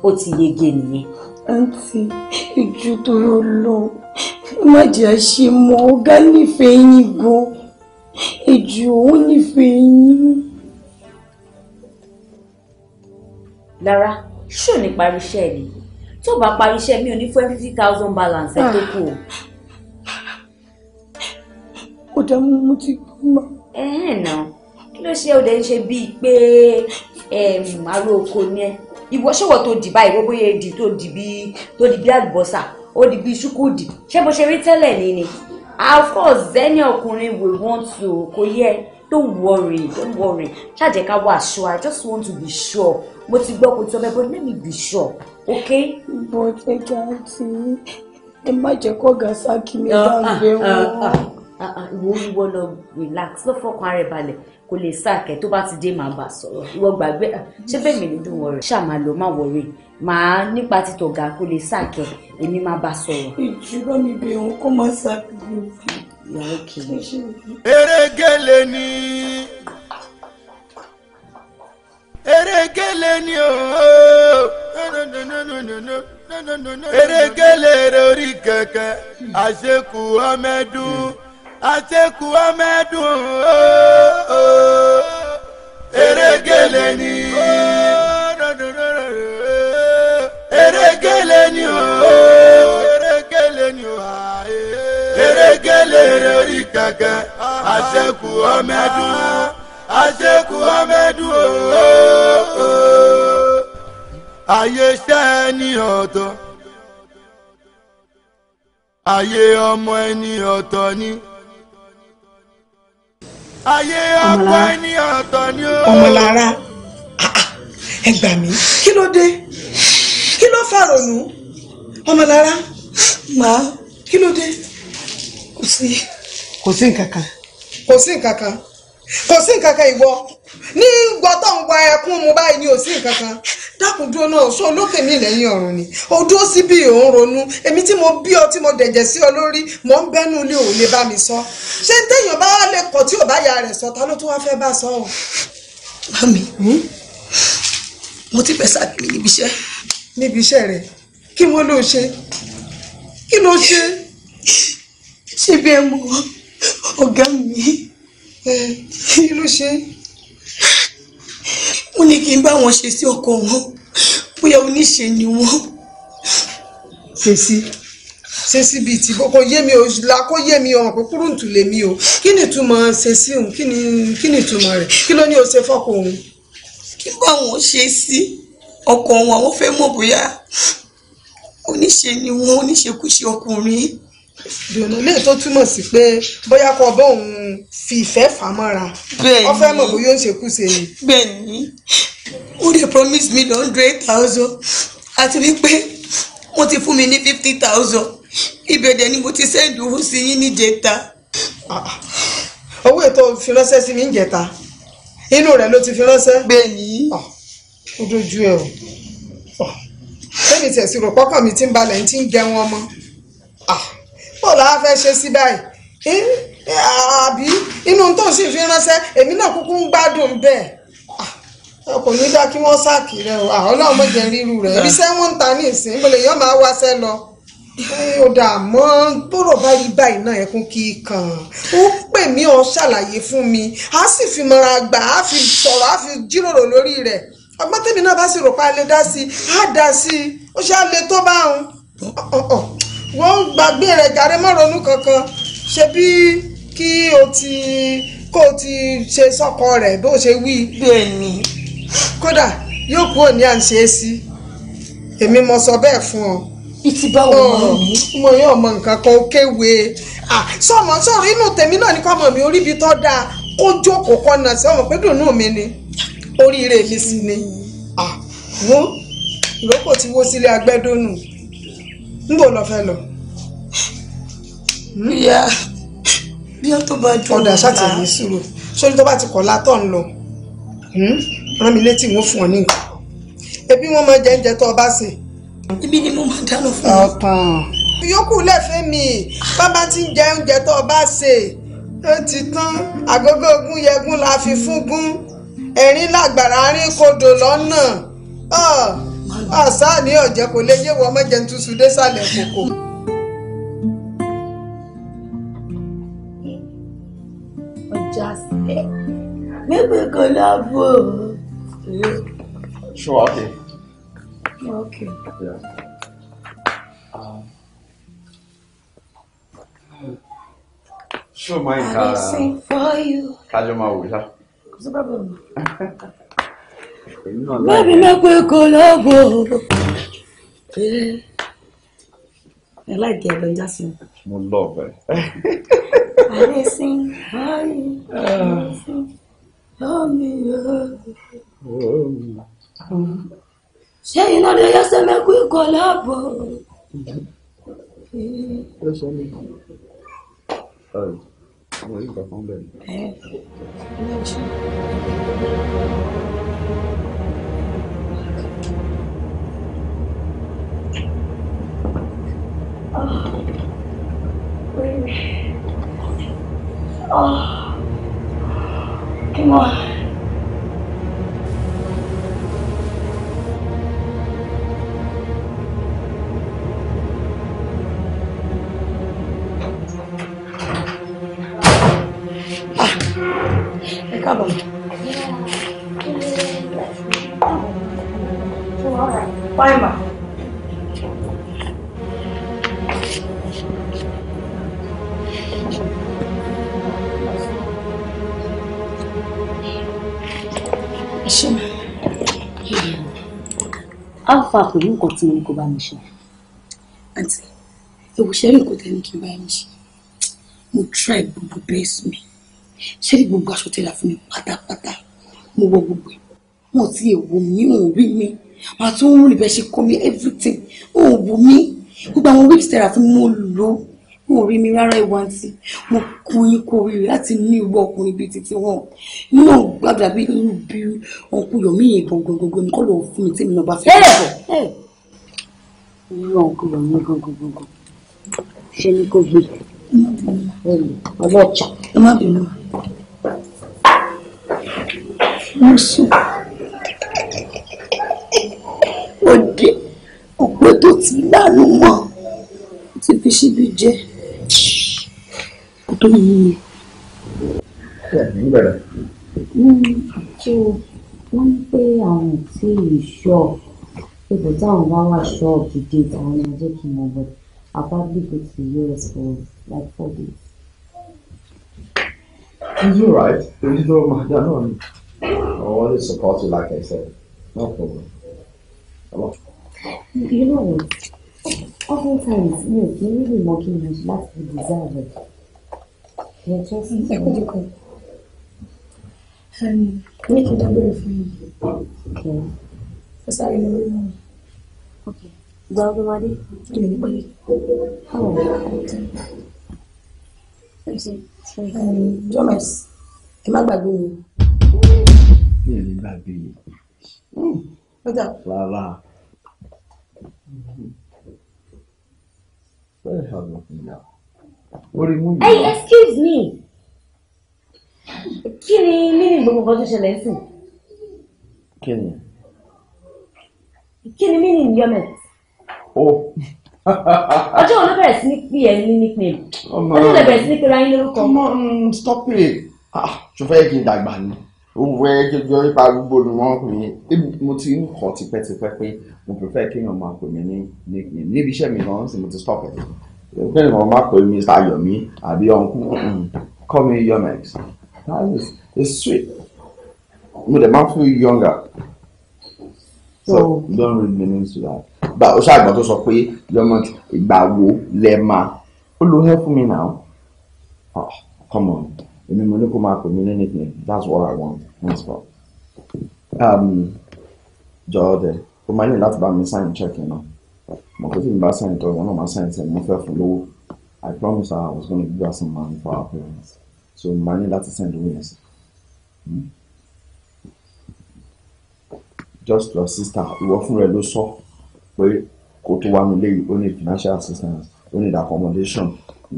Speaker 2: ó ti yege nìyẹn. àǹtí ìjú tó yọ lọ má jẹ́ àṣe mọ́ ọ̀gá nífẹ̀ẹ́ yín gan ìjù òun nífẹ̀ẹ́ yín. lára ṣó ní parí iṣẹ́ ni tó bá parí iṣẹ́ mi ò ní fún fifty thousand balance ẹ̀ tó kù. Ah. ó dá mú mú ti gbọ́n. ẹ̀ẹ́n náà ló ṣe ó dẹ̀ ń ṣe bíi pé aró oko ni ẹ ìwọ ṣèwọ tó dì báyìí wọ́n bóyá èdè tó dì bí tó dì bí àlùbọ́sà ó dì bí ṣúkú dì ṣé bó ṣe rí tẹ́lẹ̀ ni ni of course any ọkùnrin we want to kò yẹ don't worry don't worry ṣáàjẹ́ ká wà sure i just want to be sure mo ti gbọ́ kó tí ọmọ ẹgbẹ́ let me be sure okay. but ẹ jẹ́ àti ẹ má jẹ́ kó gàṣà kí mi ah, bá ń gbé ah, ah, wọn. Ah, ah, ìwọ wíwọ lọ relax lọ fọkàn ara ẹ balẹ̀ kò lè sáàkẹ́ tó bá ti dé màá bá sọ̀rọ̀ ìwọ gbàgbé ah, ṣé bẹ́ẹ̀ mi ní dùn wọ̀ rẹ̀ ṣáà máa lọ má wọ̀rẹ̀ màá nípa títọ̀gà kò lè sáàkẹ́ èmi má bá sọ̀rọ̀.
Speaker 4: ìjọba mi bẹ òun kó máa ṣàkíyèsí. ìyàwó erégélé ni erégélé ni ooo erégélé rẹ orí kẹ̀kẹ́ àṣekù ọmẹdún àtẹkù ọmẹdùn ooo erégele ni erégele ni ooo erégele ni ooo erégele lórí kẹkẹ àtẹkù ọmẹdùn àtẹkù ọmẹdùn ooo ayé sẹ́ni ọ̀tọ̀ ayé ọmọ ẹni ọ̀tọ̀ ni ayé ọkọ ẹni ọ̀tọ̀ ni ó. ọmọlára ẹ gbà mí kí ló dé kí ló
Speaker 2: fàrònú ọmọlára màá kí ló dé kò sí. kò sí nǹkan kò sí nǹkan kò sí nǹkan ìwọ ní gbọ́tọ̀ ń wa ẹkún mu báyìí ni ò sí nǹkan kan dákun dúró náà ṣó olókè mi lẹ́yìn ọ̀run ni ó dúró síbi òun ronú èmi tí mo bí ọ tí mo dẹ̀jẹ̀ sí ọ lórí mò ń bẹ́nu ilé òun lè bá mi sọ ṣé téèyàn bá wà lè kọ̀ tí ò bá ya rẹ̀ sọ ta ló tún wá fẹ́ bá sọ o. mami hmm? mo ti fẹ́ sábẹ́ mi níbi iṣẹ́. níbi iṣẹ́ rẹ̀ kí wọ́n ló ṣe kí ló ṣe. ṣé bí ẹ mọ ọ̀gá mi. ẹ kí ló ṣe ó ní kí n bá wọn ṣe sí ọkọ wọn bóyá oníṣe ni wọn. fèsì fèsì bíi ti kò yé mi o la kò yé mi o pé kúrúǹtù lè mi o kí ni ìtumọ̀ fèsì òun kí ni kí ni ìtumọ̀ rẹ̀ kí ló ní o ṣe fọ́kọ òun. kí bá wọn ṣe sí ọkọ wọn àwọn fẹ́ mọ̀ bóyá oníṣe ni wọn oníṣekúṣe ọkùnrin dùnú lè tó túmọ̀ sí pé bóyá kọ bá òun fi ìfẹ́ fà mọ́ra ó fẹ́ mọ̀ bóyá ó ṣe kú ṣe ni. bẹ́ẹ̀ni ó dey promise me hundred thousand àti wípé wọ́n ti fún mi ní fifty thousand ibẹ̀ dẹ̀ ni mo ti send owó sí yín níjẹta. Ah, owó ètò ìfiránṣẹ́ sí mi ń jẹta inú rẹ̀ ló ti fi ránṣẹ́. bẹ́ẹ̀ni. Ah, ó dojú ẹ o. sẹ́ni ah, tẹ̀sí rò pọ́kàn mi ti ń balẹ̀ ń ti ń jẹun ọmọ bó làá fẹ́ ṣe sí báyìí àbí inú tó sì fi ránṣẹ́ èmi náà kúkú ń gbádùn bẹ́ẹ̀ kò ní dá kí wọ́n sáàkì rẹ o àwọn náà mọ̀ jẹ́ ríru rẹ̀ ibi iṣẹ́ wọn ń ta ní ìsìn ìbọ̀lẹ̀ yóò máa wáṣẹ́ lọ ó dà mọ́ bọ́rọ̀ báyìí báyìí náà ẹkún kí kan ó pè mí ọ ṣàlàyé fún mi a sì fi mọ́ra gbà á fi sọ̀rọ̀ á fi jíròrò lórí rẹ̀ ọgbọ́n tèmi náà bá sì rò pa lè dá sí i á dá sí i ó ṣe á le tó bá wọ́n ń gbàgbé rẹ̀ jàre má ronú kankan ṣebí kí o ti kó o ti ṣe sọ́kọ rẹ̀ bó ṣe wí. bẹ́ẹ̀ ni. kódà yóò kúrò ní à ń ṣe é sí èmi mo sọ bẹ́ẹ̀ fún ọ. ìtì báwo ni. mo yóò mọ nǹkan kan ó kéwèé sọmọ sọ̀rọ̀ inú tèmi náà ní kọmọ mi oríbi tó dáa kó jókòó kọ́nà sí ọmọ pé dùnú mi ni oríire mi sì ni. wọ́n ìrókò tí wọ́n sílé agbẹ́dọ́nù n bò lọ fẹ́ lọ. bíyà bíyà tó bá dùn ọ̀dà ṣáàtì ní sùúrù sórí tó bá ti kọ̀ látọ̀ ń lọ hmm, rán mi létí wọn fún ọ ní nǹkan ẹbí wọn máa jẹ oúnjẹ tó o bá sè. ibi ni mo máa dáná fún ọ. ọ̀tàn. yòókù lẹ́fẹ̀ẹ́ mi bábá ti ń jẹ oúnjẹ tó o bá sè ó ti tán àgógó ogún yẹgún la fi fún gún ẹ̀rín làgbàrá rí kodò lọ́nà. Oh àṣà ní ọ̀jẹ̀ kò lè yé wọ́n mọ́jẹ̀ ń túṣu désàlẹ̀ kòkò.
Speaker 4: ọjà sílẹ̀ mẹ́gbẹ̀ẹ́ kan láàbò.
Speaker 1: sure okay. okay. Yeah. Um, sure, my car. I'm uh, for you. Kajoma, will
Speaker 2: problem.
Speaker 1: bábí má pé
Speaker 2: kò lọ́bọ̀ ẹ láìkí ẹ lọ já sí mi. mo lọ bẹ. ayé sí ayé sí omi omi. ṣé iná lè yọ sẹ́mi kú ikọ̀ lọ́bọ̀.
Speaker 1: ló sọ mi.
Speaker 3: àwọn yìí kọ̀ọ̀kan Oh. Oh. Come on.
Speaker 2: alfa pẹ̀lú nǹkan tí mo ní kó bá mi ṣe. àǹtí ewu ṣe rí nǹkan tẹ́ ní kí n bá yín ṣe mo try gbogbo best me. ṣé rí gbogbo aṣọ tẹ́lá fún mi pátápátá mo wọ gbogbo ẹ̀ wọn ti èwo mi wọn ò rí mi màá tún rí bẹ́ẹ̀ ṣe kọ́ mi everything wọn ò wò mí gbogbo àwọn wíìsì tẹ́lá fún mi mo lò ó wọn ò rí mi rárá ìwà ntí mo kú yín kó rí láti ní ìwọ ọkùnrin bíi títí wọn inú náà gbàdúrà bí irú bí ọkùn yọmí yẹn gangan gangan nìkan lòun fún mi tí mi náà bá fẹ́ bọ̀. irú ọkùn yọmí gangan gangan ṣe ni kò gbé ọlọ́ọ̀chà. ẹ má bínú mo sùn òde ọ̀pẹ tó ti lánàá mọ́ ti fi síbi jẹ́. 不一。
Speaker 1: 係明白啦。
Speaker 2: 嗯，就 wọ́n ní pé àwọn ò tí ì ṣọ́ ipò táwọn bá wà ṣọ́ gidi táwọn máa jẹ́ kí wọ́n bọ̀ apparently go to the US for like four days.
Speaker 1: I always support you, like I said. No problem. Hello.
Speaker 2: You know, oftentimes, mi ò kí ń rí ìmọ̀ kí n lè Ní kí n dábẹ̀rẹ̀ fún yìí. Ẹ sáré lọ rí wọn. Gba ọdún Adé. Ìlú ní pẹ́lú. Báwo ni? Jọ́mẹ̀s, ẹ má gbàgbé mi.
Speaker 3: Mi
Speaker 1: ò ní gbàgbé mi. Rárá. Where the hell are you now? orí mú mi. hey
Speaker 2: excuse me kí ni mímí gbogbo nǹkan tó ṣẹlẹ̀ sí. kí ni. kí ni mímí yọmẹ.
Speaker 1: o. ọjọ́
Speaker 2: wo ló bẹ̀rẹ̀ nickname
Speaker 1: Ojo, wo ló bẹ̀rẹ̀ sí ní
Speaker 2: pè oh, ra come on stop it
Speaker 1: Ah, fẹ́ kí n dàgbà ni ó wẹ́ jẹjọ ipa gbogbo ni wọ́n pè é mo ti ń kọ́ tipẹ́tipẹ́ pé mo prefer kéèyàn máa pè mí ní nickname níbi iṣẹ́ mi gan-an mo ti stop it kí ni wọ́n máa pè mí Mr. Yomi àbí ọ̀nkú call me Yomex that is it's sweet mo the man feel younger so, so oh. don't read meaning to that but ó ṣàgbọ́n tó sọ pé Yomex ìgbà wo lẹ lema? ó lo help me now oh come on èmi mo ní kó máa pè mí ní nickname that's what I want thanks for um, jọ̀ọ́ dẹ̀ My name ní láti bá mi sign check yẹn náà mo kò tí ì bá sẹ́yìn tọ́ my náà máa sẹ́yìn sẹ́yìn I promise her I was going to give her some money for her parents so money ní láti send owó yẹn hmm. just your sister ìwọ fún rẹ ló sọ pé kó tó wá mi léyìí ó ní financial assistance We need accommodation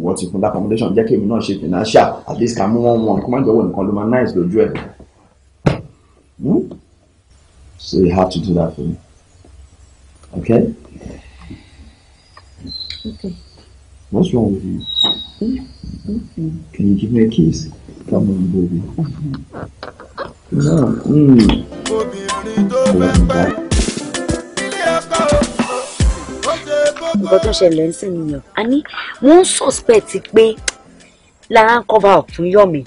Speaker 1: What ti fún accommodation jẹ́ kí èmi náà ṣe financial at least ká mú wọn wọn kó má jọ wọ nìkan ló máa nice lójú ẹ̀. Hmm. So you have to do that for me. Okay? Okay. What's wrong with you? Nothing. Can you give me a kiss? Come on, baby. No. Mm.
Speaker 2: nǹkan tó ṣẹlẹ̀ ń sìn nìyàn a ní wọ́n ń suspect pé lára ń cover up fún yọ̀mí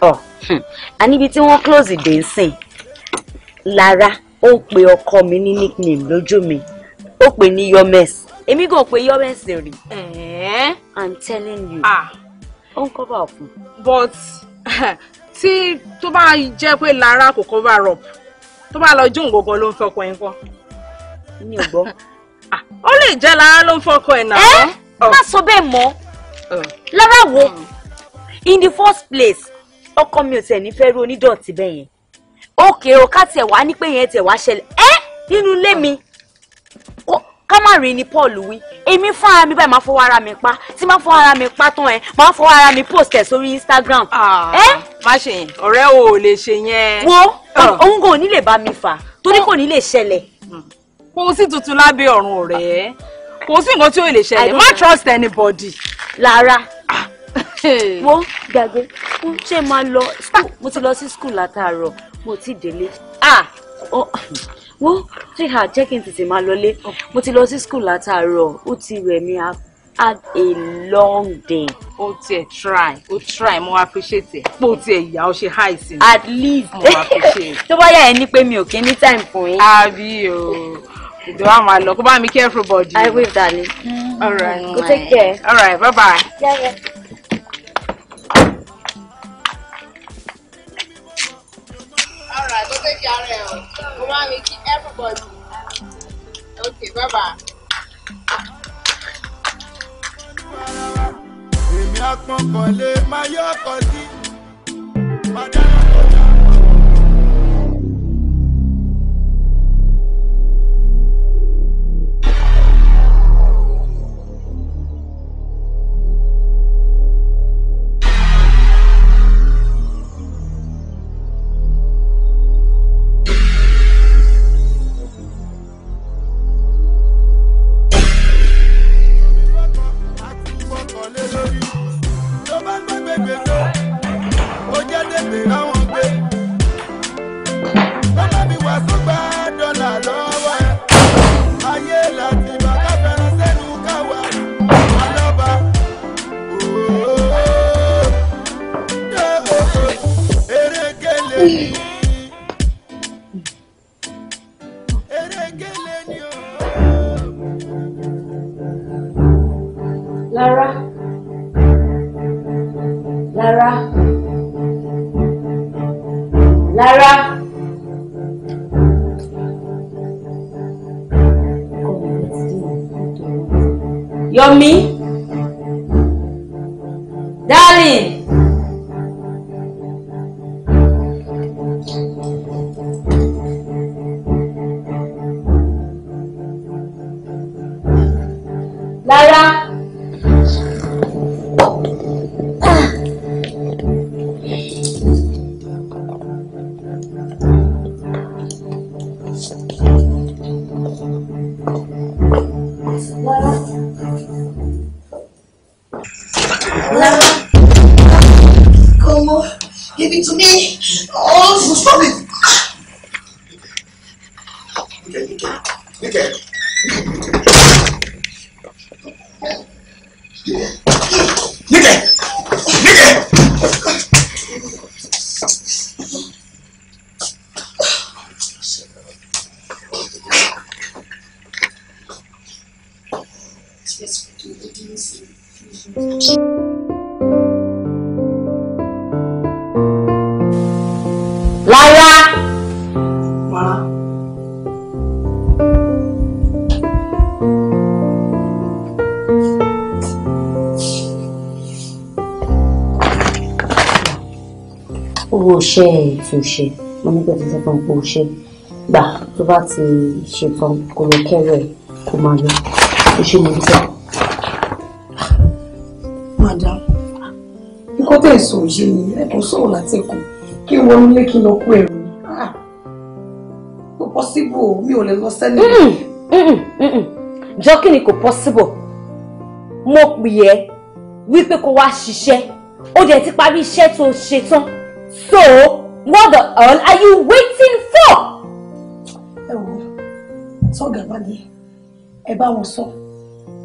Speaker 2: hmm. a níbi tí wọ́n close dé ń sìn Lara, ó pe ọkọ mi ní nickname lójú mi ó pè ní yọmẹ́sì èmi kò pé yọ mẹ́sìn rí. i'm telling you. ó ń cover up. but tí tó bá jẹ́ pé Lara kò cover up tó bá lọ jó nǹkankan ló ń fọkọ ẹ̀ ńkọ́. mi ò gbọ́. ó lè jẹ́ Lara ló ń fọkọ ẹ̀ náà. ẹ má sọ bẹ́ẹ̀ mọ́ Lara wo mm. in the first place ọkọ mi ò tẹ̀ ní fẹ́ ru onídọ̀tí bẹ́ẹ̀ yẹn òkè òkà tẹ̀ wá ní pé yẹn tẹ̀ wá ṣẹlẹ̀ ẹ́ nínú ilé mi kámárì ni Paul wí èmi fún ara mi báyìí máa fọwọ́ ara mi pa tí máa fọwọ́ ara mi pa tán ẹ máa fọwọ́ ara mi post ẹ̀ sórí Instagram. Ah, má ṣe yẹn ọ̀rẹ́ o lè ṣe yẹn. wo òun ah. kò ní lè bá mi fà torí kò ní lè ṣẹlẹ̀. Hmm. kò sí tuntun lábẹ́ ọ̀run ọ̀rẹ́ kò sí nǹkan tí ó lè ṣẹlẹ̀ má trust anybody. Lára ah. wo gbàgbé ṣé máa lọ mo ti lọ sí school látàárọ̀ mo ti délé wọ́n jíhà jẹ́ kí n tètè máa lọlé mo ti lọ sí school látàárọ̀ ó ti rẹ̀ mí a had a long day. o tiẹ̀ try o try mo appreciate it. pé o tiẹ̀ yà ọ ṣe high sí mi. at least mo appreciate. tó bá yà ẹ́ ní pé mi ò kí ní time fún yín. àbí o ìdò wa máa lọ kó bá mi kí everybody. i will darling. Mm. all right go take care. all right bye bye. Yeah, yeah. take care of it. We want everybody. Okay, bye bye.
Speaker 4: èmi àpọ̀nkọ̀lé máa yọ ọkọ̀ sí.
Speaker 2: iṣẹ́ ìtúnṣe mo nígbà tó fẹ́ fún pé o ṣe gbà tó bá ti ṣetán kó lọ kẹ́rẹ̀ kó máa lọ o ṣe mo dúpẹ́. madam nǹkan tẹ̀ sọ yé mi ẹ̀kọ́ sọ̀rọ̀ látẹ̀kùn kí wọ́n nílé kí n lọ kó ẹ̀rù ah, kò pọ́síbò mi ò lè lọ sẹ́ni. jọ́ kí ni kò pọ́síbò mo pè ẹ́ wípé kó wá ṣiṣẹ́ ó dẹ̀ ti parí iṣẹ́ tó ṣe tán So, what the hell are you waiting for? Ẹ wo, sọ́gà bá dé, ẹ bá wọn sọ,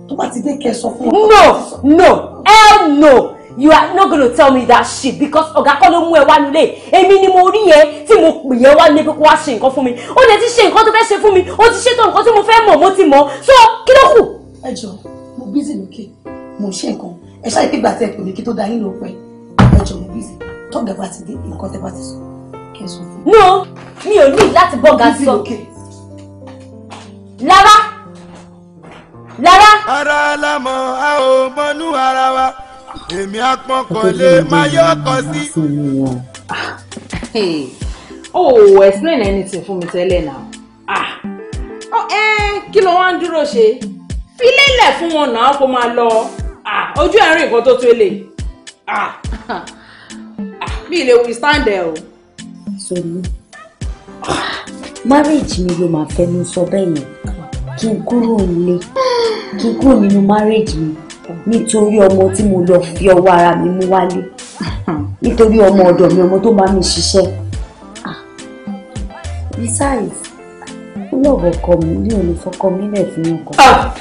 Speaker 2: tó bá ti dé kẹ́ fún wọn. No, no, hell no! You are not gonna tell me that shit because ọ̀gá kọ́ ló mú ẹ wá nílé. Èmi ni mo rí yẹn tí mo pè yẹn wá nílé pé kó wá ṣe nǹkan fún mi. Ó lè ti ṣe nǹkan tó fẹ́ ṣe fún mi. Ó ti ṣètò nǹkan tí mo fẹ́ mọ̀ mo ti mọ̀. So kí ló kù? Ẹ jọ, mo bízì lókè, mo ṣe nǹkan. Ẹ ṣáà ìpígbà tẹ pè mí kí tó da yín lópin. Ẹ jọ, mo bízì tọ́gà bá ti dé nǹkan tẹ́ bá ti sọ kẹ́ ẹ sọ fún mi. no
Speaker 4: mi ò ní láti bọ́gà sọ lára lára. ara lámọ a ò mọnú ara wa èmi apọnkànlé máa yọ ọkọ sí. oh
Speaker 2: explain anything fún mi tẹ́lẹ̀ náà ah kí ló wá ń dúró ṣe filélẹ̀ fún wọn náà kó máa lọ ah, ojú ẹ̀rín nǹkan tó tó lè. mi lè withstand ẹ o. sọlú marriage mi ló ma fe sọ bẹ́ẹ̀ yẹn kí n kúrò nílé kí n kúrò nínú marriage mi nítorí ọmọ tí mo lọ fi ọwọ́ ara mi mú wálé nítorí ọmọ ọ̀dọ̀ mi ọmọ tó bá mi ṣiṣẹ́ besides lọ́ọ̀bù ọkọ mi ní òní fọkọ mi lẹ̀ fún ọkọ. Ah!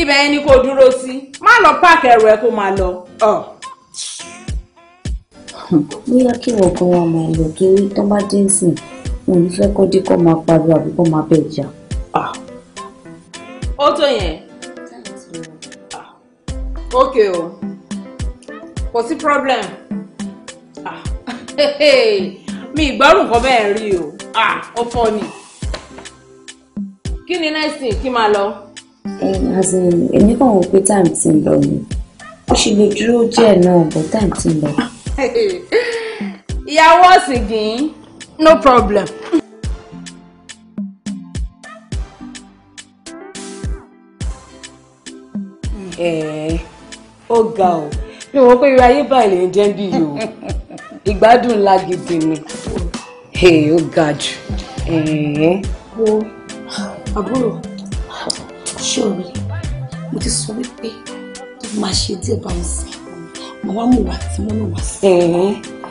Speaker 2: ibẹ̀ ẹni kò dúró sí má lọ páàkì ẹrù ẹ kó máa lọ. Oh bóyá kí wọ́n gan wọn máa lọ torí tó bá dé sí wọn ní fẹ́ kọ́ dé kọ́ máa pariwo àbí kọ́ máa bẹ̀ jà. Ah. ó tó yẹn ah. ok o kò sí problem ah. mi ìgbárùn kan bẹ́ẹ̀ rí o ó fọ́ ni kí ni next thing kí máa lọ. Eh, èmi kàn wọ́n pé time ti ń lọ ni ó sì lè dúró díẹ̀ náà but time ti ń lọ. ìyàwó ọ̀sìngìn no problem. ẹ̀ẹ́ ó ga ọ́ mi ò wọ́n pé irú ayé báyìí lè ń jẹ́ bí yìí o ìgbádùn ńlá gidi ni ó ga jù wo àbúrò ṣé mo ti sọ wípé tó máa ṣe díẹ̀ bá ń sìn àwa mú tí wọ́n mú wa sí.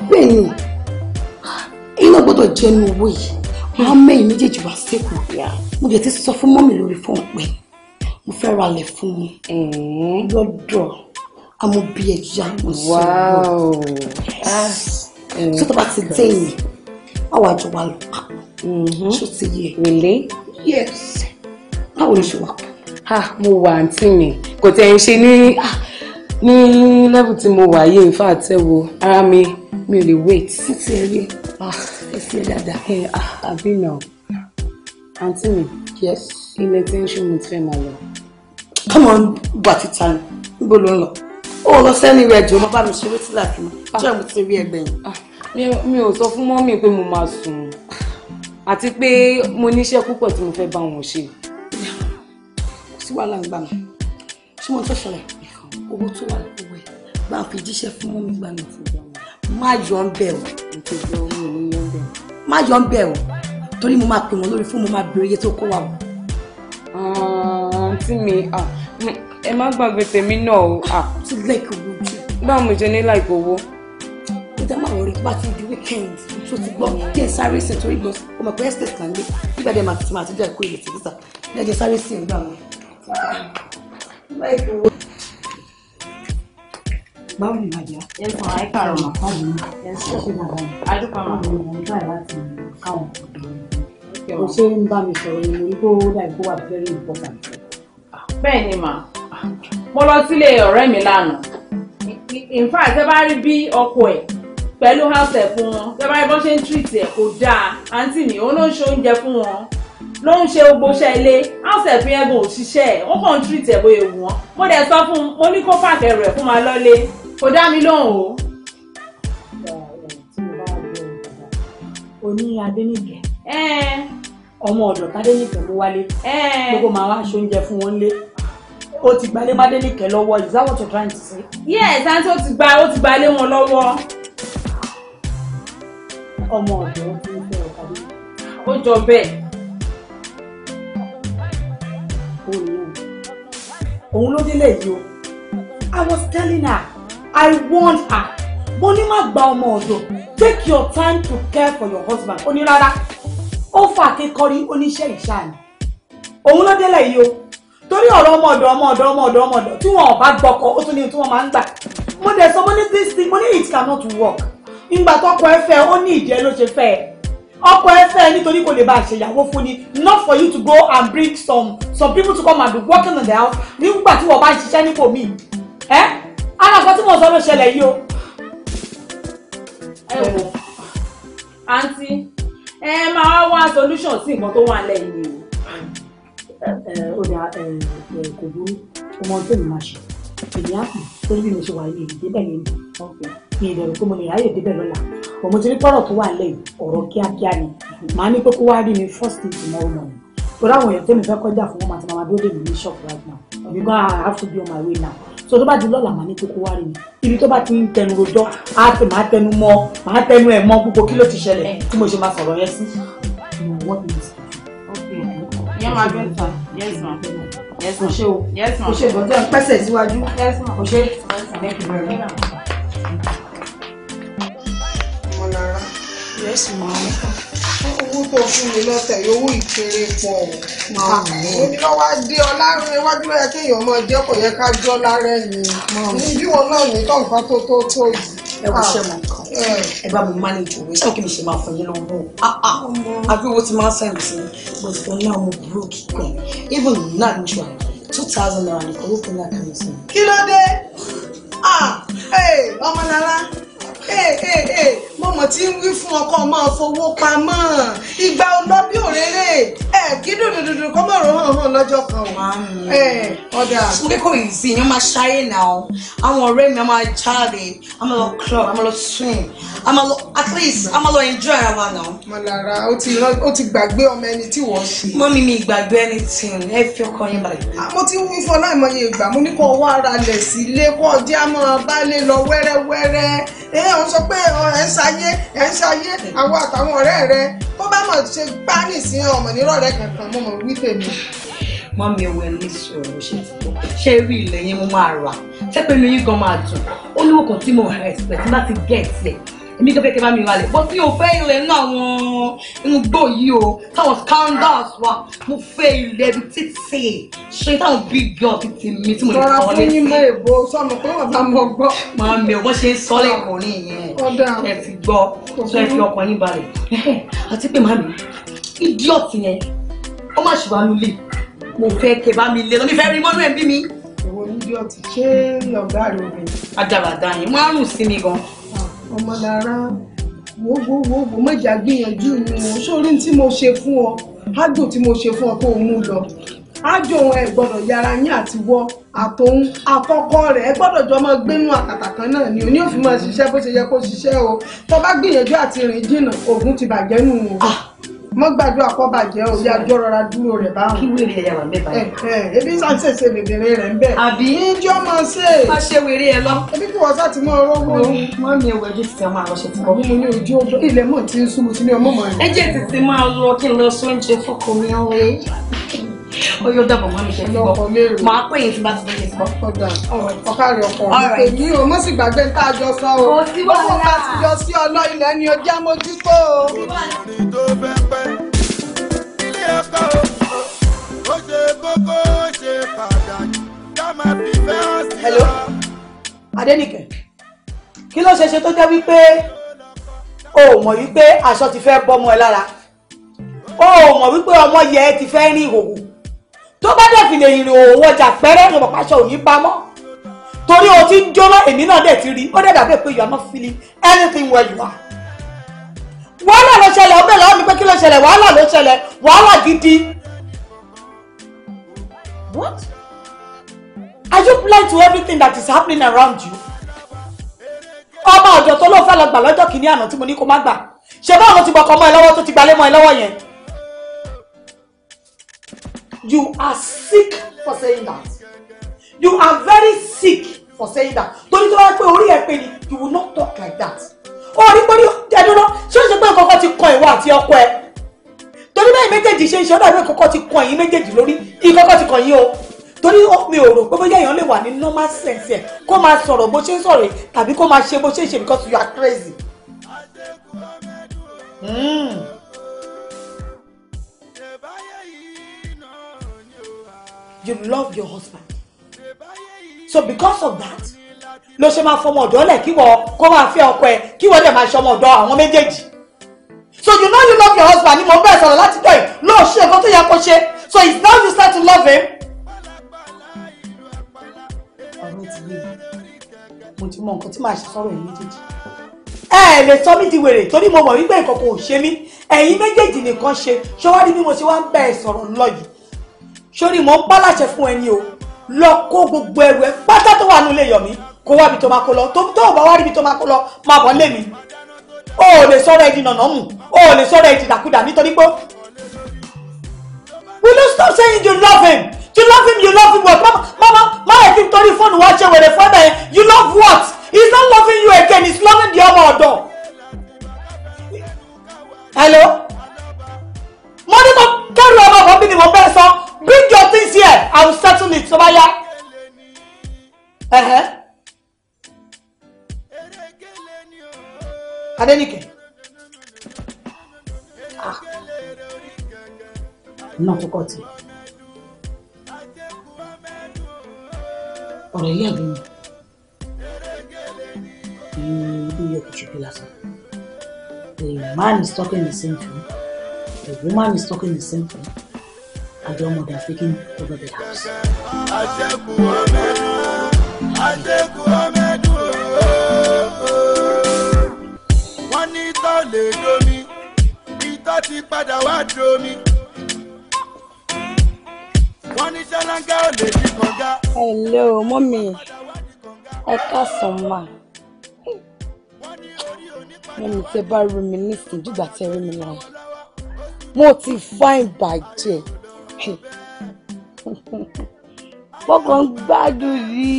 Speaker 2: bẹ́ẹ̀ ni iná gbọ́dọ̀ jẹ́ owó yìí wọ́n á mẹ́yìn méjèèjì wá sẹ́kù mo jẹ́ ti sọ fún mọ́mì lórí fóònù pé mo fẹ́ ra ilẹ̀ fún mi lọ́dọ̀ amóbi ẹ̀yà ìṣòro tó tó bá ti dé àwọn àjọ wa lò pa ṣó ti yẹ. rèlé. yes báwo ló ṣe wà. Ah, mo wà àǹtí mi kò tẹ̀ ń ṣe ní. Ah, ní level tí mo wà yìí in fact ẹ wo ara mi mi ò lè wait. títí ẹ rí ẹsẹ ah, dáadáa. Ah, àbí nà àǹtí mi. yes. ilé tí ń ṣe mo ti máa lọ. come on gbà títa ni níbo ló ń lọ ó lọ sẹ́ni rẹ̀ jù ó má bá mi ṣeré tí làkì mọ́ tí ọ̀hún ti rí ẹgbẹ̀yìn. Ah, mi ò sọ fún mọ́mì pé mo máa sùn àti pé mo níṣẹ́ púpọ̀ tí mo fẹ́ bá wọn ṣe. kò sí wàhálà ń gbà mí ṣé mo tó ṣẹlẹ̀ owó tó wà lọ́wọ́ ẹ̀ bá fi jíṣẹ́ fún mọ́ mi gbàgbọ́ fún mi má yọ ń bẹ̀ ọ́ má yọ ń bẹ̀ ọ́ torí mo máa pè wọ́n lórí fún mo máa bèrè iye tó kó wa o. àǹtí mi ẹ má gbàgbé tèmi náà o. ti lẹ́ẹ̀kì owó jù. báwo mo jẹ ní láìpẹ́ owó. ó dá màá rí bá di weekend tó ti gbọ́ kí ẹ sáré sí torí gbọ́ o mọ̀ pé estate kan lé nígbà tí màá ti máa ti jẹ́ ìkórè tìbítà ní ẹjẹ sáré sí ń gbà wọ́n báwo ni màjá. ẹ sọ àìkàrọ̀ mà fún mi. ẹ sọ ṣe màdà mi. adúpá mà fún mi. ọ̀gá ẹ̀ láti káwọn. kò ṣe ń bá mi sọ̀rọ̀ ni mo rí kó dà kó wà very important. bẹ́ẹ̀ ni mà mo lọ sílé ọ̀rẹ́ mi lánàá in fact ẹ bá rí bí ọkọ ẹ̀ pẹ̀lú house ẹ̀ fún wọn ẹ bá rí bọ́n ṣe ń treat ẹ̀ kò dáa àǹtí mi òun ló ń ṣe oúnjẹ fún wọn ló ń ṣe gbogbo iṣẹ́ ilé house ẹ̀ fún yẹn gan òṣìṣẹ́ ẹ̀ ó kàn ń treat ẹ̀ bóyá ewu wọn mo dẹ̀ sọ fún un mo ní kó pàtẹ́ rẹ̀ fún wa lọ́lé kò dá mi lóhùn o. oní adénìkẹ ọmọ ọ̀dọ̀ tádénìkẹ ló wálé gbogbo máa wá aṣọ oúnjẹ fún wọn lé ó ti gbalé mádénìkẹ lọ́wọ́ is that what you're trying to say. yes àti ó ti gba ó ti gbalé wọn lọ́wọ́. ọmọ ọ̀dọ̀ ó ti ń fẹ́ ọ̀tá lé. ó jọ bẹ́ẹ̀. òun ló délé yìí o I was telling her I warned her. Money ní má gba ọmọ ọ̀dọ̀. Take your time to care for your husband. Ó ní rárá. Ó fà kékọ́rí oníṣẹ́ ìṣáà ni. Òun ló délẹ̀ yìí o. Torí ọ̀rọ̀ ọmọ ọ̀dọ̀ ọmọ ọ̀dọ̀ ọmọ ọ̀dọ̀ ọmọ ọ̀dọ̀ tí wọn ò bá gbọ́kọ̀ ó tún ní tí wọ́n máa ń gbà. Mo dẹ̀ sọ mo this thing mo it cannot work. Ìgbà tọkọ ẹ fẹ́ ó ní ìjẹ́ ló ṣe fẹ́ ẹ. Ọkọ ẹ fẹ́ ẹ nítorí kò lè bá àṣeyàwó fún ni not for you to go and bring some some people to come and be working in the house nígbà tí wọ́n bá ń ṣiṣẹ́ nípò míì ara sọ tí mo sọ ló ṣẹlẹ̀ yìí o. ẹ wò àǹtí ẹ máa wá solution sí nǹkan tó wà lẹ́yìn o. ó dáa kò burú ọmọ tó mi máa ṣe èmi á kù tó bí mi ṣe wà yìí débẹ̀ yẹn ni ìbẹ̀rù pé mo lè ráyè débẹ̀ lọ́la ọmọ tí pọ́rọ̀ tó wà lẹ́yìn ọ̀rọ̀ kíákíá ni màá ní pé kó wá rí mi first thing tomorrow morning torí àwọn èèyàn tó mi fẹ́ kọjá fún wọn màtí màmá dúró dè mí ní ṣọ́ọ̀fù right now èmi gan I have to be on my way now so tó bá di lọ́la màá ní pé kó wá rí mi ibi tó bá ti ń tẹnu rojọ́ á tẹ màá tẹnu mọ màá tẹnu ẹ̀ mọ gbogbo kí ló ti ṣẹlẹ̀ tí mo ṣe máa sọ̀rọ̀ yẹn sí. ìyá máa bẹ́ẹ̀ ta yes ma yes ma ṣe o kò ṣe gbọ́dọ̀ pẹ́sẹ̀ síwájú kò ṣe mọ̀lára yes ma owó tó fún mi lọ́tẹ̀ yòówù ìpínlẹ̀ pọ̀ ọ́ èmi lọ́ wá dé ọ láàrin iwájú ẹ kéèyàn máa jẹ́ kò yẹ ká jọ́ lára ẹ̀yìn ní bí wọn náà ní tó nǹkan tó tó tó yìí. ẹ kò ṣe ah. mọ nǹkan ẹ bá mi manage owó iṣẹ́ kí mi ṣe máa fún yín lọ́wọ́ ah, ah. àbí owó ti máa ń sẹ́yìn sí but for now mo burú kíkan even náà ní ṣùgbọ́n two thousand naira nìkan ló fún mi àkànní sí. kí ló dé ọmọ lára mọ̀mọ́ tí ń wí fún ọkọ máa fowó pamọ́ ìgbà ọlọ́bí òréré ẹ̀ kí dùdùdùdù kọ́ mọ̀rọ̀ hàn hàn lọ́jọ́ kan wà ẹ̀ ọ̀dà. kíkó ìsì yẹn máa ṣayé náà àwọn ọ̀rẹ́ mi máa jáde a máa lọ club a máa lọ swim a máa lọ at least a máa lọ enjoy ara wa náà. mọ̀lára ó ti gbàgbé ọmọ ẹni tí wọ́n ṣe. mọ́mí mi ìgbàgbé ẹni tí ẹ fi ọkọ yín balẹ̀. mo ti wí fún ọ láì mọye ìgbà mo ní kó wá ara lẹ̀ sílé kó ọjà máa bá lè lọ wẹ́rẹ́wẹ́rẹ́ ẹ ò sọ pé ẹ ń ṣayé ayé ẹ̀ ń ṣayé àwọn àtàwọn ọ̀rẹ́ rẹ bó bá mọ̀ ṣe gbá nìsín ọmọ nírọ̀rẹ́ kankan mo mọ̀ wípé mi. mọ mi ẹwẹ ní sọ̀rọ̀ ṣe ti tó ṣe rí ilẹ̀ yẹn mo máa rà ṣé pé mi yín gan máa dùn ó ní òkun tí mo expect láti gẹ̀ẹ́tì ẹ̀ èmi gẹ́gẹ́ bá mi wálé bó tí o fẹ́ ilẹ̀ nínú àwọn inú gbò yìí o táwọn scandals wa mo fẹ́ ilẹ̀ ibi títì ṣe táwọn big girl ti ti mi tí mo lè kọ́ lẹ́sẹ̀. rọra fún yín mọ èbó sọmọ pé bàbá mo gbọ́. máa mi ò wọ́n ṣe ń sọ lẹ́kùnrin yẹn ẹ ti gbọ́ sọ ẹ fi ọkàn yín balẹ̀ àti pé màmí idiot yẹn ó má ṣùgbọ́n mi lè mo fẹ́ kẹ́ bá mi lé lọ́mí fẹ́ rí mọ́nú ẹ̀ bí mi. ìwọ idiot ṣé lọ́gàá rẹ̀ obìnrin ọmọlára wòwòwòwò méjì àgbìyànjú ni o sórí tí mo ṣe fún ọ ájò tí mo ṣe fún ọ tó mú lọ ájò òun ẹ gbọ́dọ̀ yára yín àti wọ àtòun àkọ́kọ́ rẹ̀ ẹ gbọ́dọ̀ jọ máa gbénú àkàtà kan náà ni o ní òfin máa ṣiṣẹ́ bó ṣe yẹ kó ṣiṣẹ́ o tó bá gbìyànjú àti rìn jìnnà ògùn ti bàjẹ́ nù o. Ah! mo gbàdúrà kó bàjẹ́ o bí àjọ rọra dúró rẹ̀ báwọn. kí wèrè ẹ̀yà wà mẹ́ta yìí. Eh, eh, ebi sá ń ṣèṣe bèbèrè rẹ̀ ń bẹ̀. àbí ìjọ máa ṣe. má ṣe wèrè ẹ lọ. ebi kí wọ́n sá mọ ọ̀rọ̀ wo. mọ mi ò wẹjú ti tẹ ọmọ àlọ ṣe ti bọ. mo ní ojú ojú ilẹ̀ mọ̀ ti ń sún mi sílé ọmọ mọ̀ rẹ̀. ẹ jẹ́ tètè máa lọ kí n lọ sóúnjẹ fọkàn mi ń wé ó yóò dàbọ̀ mọ́ mi ṣe ti bọ̀ máa pè yín tí bá ti ṣe ti bọ̀. ọ̀ká rẹ̀ ọkọ̀ èmi ò mọ̀ sí gbàgbé tá a jọ sọ o owó ká ti jọ sí ọ̀nà ilẹ̀ ni o já hello Adénìkẹ́ kí ló ṣe ṣe tó jẹ́ wípé o mọ̀ wípé aṣọ ti fẹ́ bọ́ ọmọ ẹ lára o mọ̀ wípé ọmọ yẹ ti fẹ́ rìn ìhòòhò tó bá dẹ̀ fi lè rìn òwò ọjà pẹ́rẹ́ ní ọ̀páṣọ òní pamọ́ torí o ti ń jóná èmi náà dẹ̀ ti rí ó dẹ̀ dàbí pé you are not feeling anything where you are. wàhálà ló ṣẹlẹ̀ ọbẹ̀ lọ́wọ́ mi pé kí ló ṣẹlẹ̀ wàhálà ló ṣẹlẹ̀ wàhálà gidi. What? Are you blind to everything that is happening around you? ọmọ ọ̀jọ̀ tó ló fẹ́ lọ gbà lọ́jọ́ kìíní àná tí mo ní kó má gbà ṣe báwo ló ti gbọ́kọ̀ mọ́ ẹ lọ́wọ́ tó ti gbalé mọ́ ẹ lọ́wọ́ yẹn You are sick for saying that. You are very sick for saying that. Torí tó bá pé orí ẹ pé ni you will not talk like that. Orí pẹ̀lú ẹ̀dúró ṣé o ṣe pé nǹkan kan ti kan ìwọ àti ọkọ ẹ? Torí bẹ́ẹ̀ méjèèjì ṣe ń ṣe ọ́dọ̀ ìwé kọ́kọ́ ti kan yín méjèèjì lórí ìkọ́kọ́ ti kan yín o torí mi ò rò pé bóyá èèyàn lè wà ní normal sense ẹ kó máa sọ̀rọ̀ bó ṣe ń sọ̀rọ̀ tàbí kó máa ṣe bó ṣe ń ṣe because you are crazy. Mm. you love your husband so because of that ló ṣe máa fọmọ ọ̀dọ̀ lẹ̀ kí wọ́n kó máa fẹ́ ọkọ ẹ̀ kí wọ́n dẹ̀ máa ṣe ọmọ ọ̀dọ̀ àwọn méjèèjì so you know you love your husband ni mo bẹ́ẹ̀ sọ̀rọ̀ láti tọ́ ẹ̀ lóò ṣe nǹkan tó yẹ kó ṣe so it's now you start to love him. ọ̀rọ̀ ti yé mi mo ti mọ nǹkan tí màá ṣe sọ̀rọ̀ yìí méjèèjì ẹ ẹ lè sọ mí di wèrè torí mo mọ̀ wípé ìkọ̀kọ̀ ò ṣe mí ẹ̀yin méjèèjì nìkan ṣe ṣọwádìí bí mo ṣe wá ń bẹ́ẹ̀ sọ̀rọ̀ lọ yìí sórí mò ń pálàṣẹ fún ẹni o lọ kó gbogbo ẹrù ẹ pátá tó wà nílé yọ̀mí kó wá ibi tó máa kó lọ tó ò bá wá rí ibi tó máa kó lọ máa bọ̀ lé mi o ò lè sọ̀rọ̀ ẹ̀dì nànà mù o ò lè sọ̀rọ̀ ẹ̀dì dàkúdà nítorí pé will you stop saying you love him you love him you love him what mama mama ẹ ti torí fóònù wá ṣe wẹ̀rẹ̀ fún ẹ bẹ́ẹ̀ you love what he's not loving you again he's loving the other ọ̀dọ́ hello mo ní kó kẹ́rù ọmọ kan bí ni mo bẹ́ẹ̀ sọ bring your things here i will settle it tó bá yá. Adéníkẹ́. Ah. náà tó kọ́ ti. ọ̀rọ̀ ilé ẹ̀gbẹ́ mi ìlú yẹ kò ṣubú lásán the man is talking the same thing the woman is talking the same thing àjọ ọmọ ọdà freaking house.
Speaker 4: wọ́n ní tọ́ lè domi ìtọ́ ti padà wá domi wọ́n ní ṣáláńgá ò lè di kànga.
Speaker 2: hello mọ́mí ẹ káàsán mà mọ́mí tẹ bá rí mi nísìnyí dìgbà tẹ rí mi lọ mo ti fáìn bàjẹ́ fọkàn gbádùn rí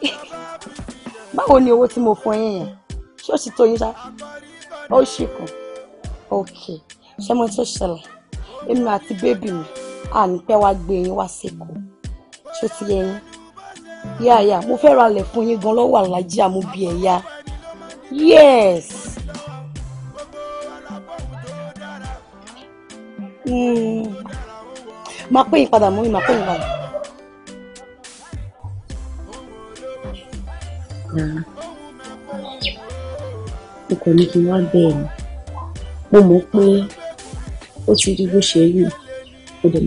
Speaker 2: i báwo ni owó tí mo fún yín yẹn ṣé ó sì tó yín ṣá ó ṣì kù ok ṣé mo tó ṣẹlẹ̀ èmi àti bébì mi à ní pẹ́ wá gbé yín wá síkù ṣé ti yẹ yín yáyà mo fẹ́ ra ilẹ̀ fún yín gan lọ́wọ́ alájí àmúbi ẹ̀yà yes. Mm máa pé yín padà mú mi máa pé yín padà. rárá n kò ní kí n wá bẹ́ẹ̀ ni mo mọ̀ pé ó ti rí bó ṣe rí o dẹ̀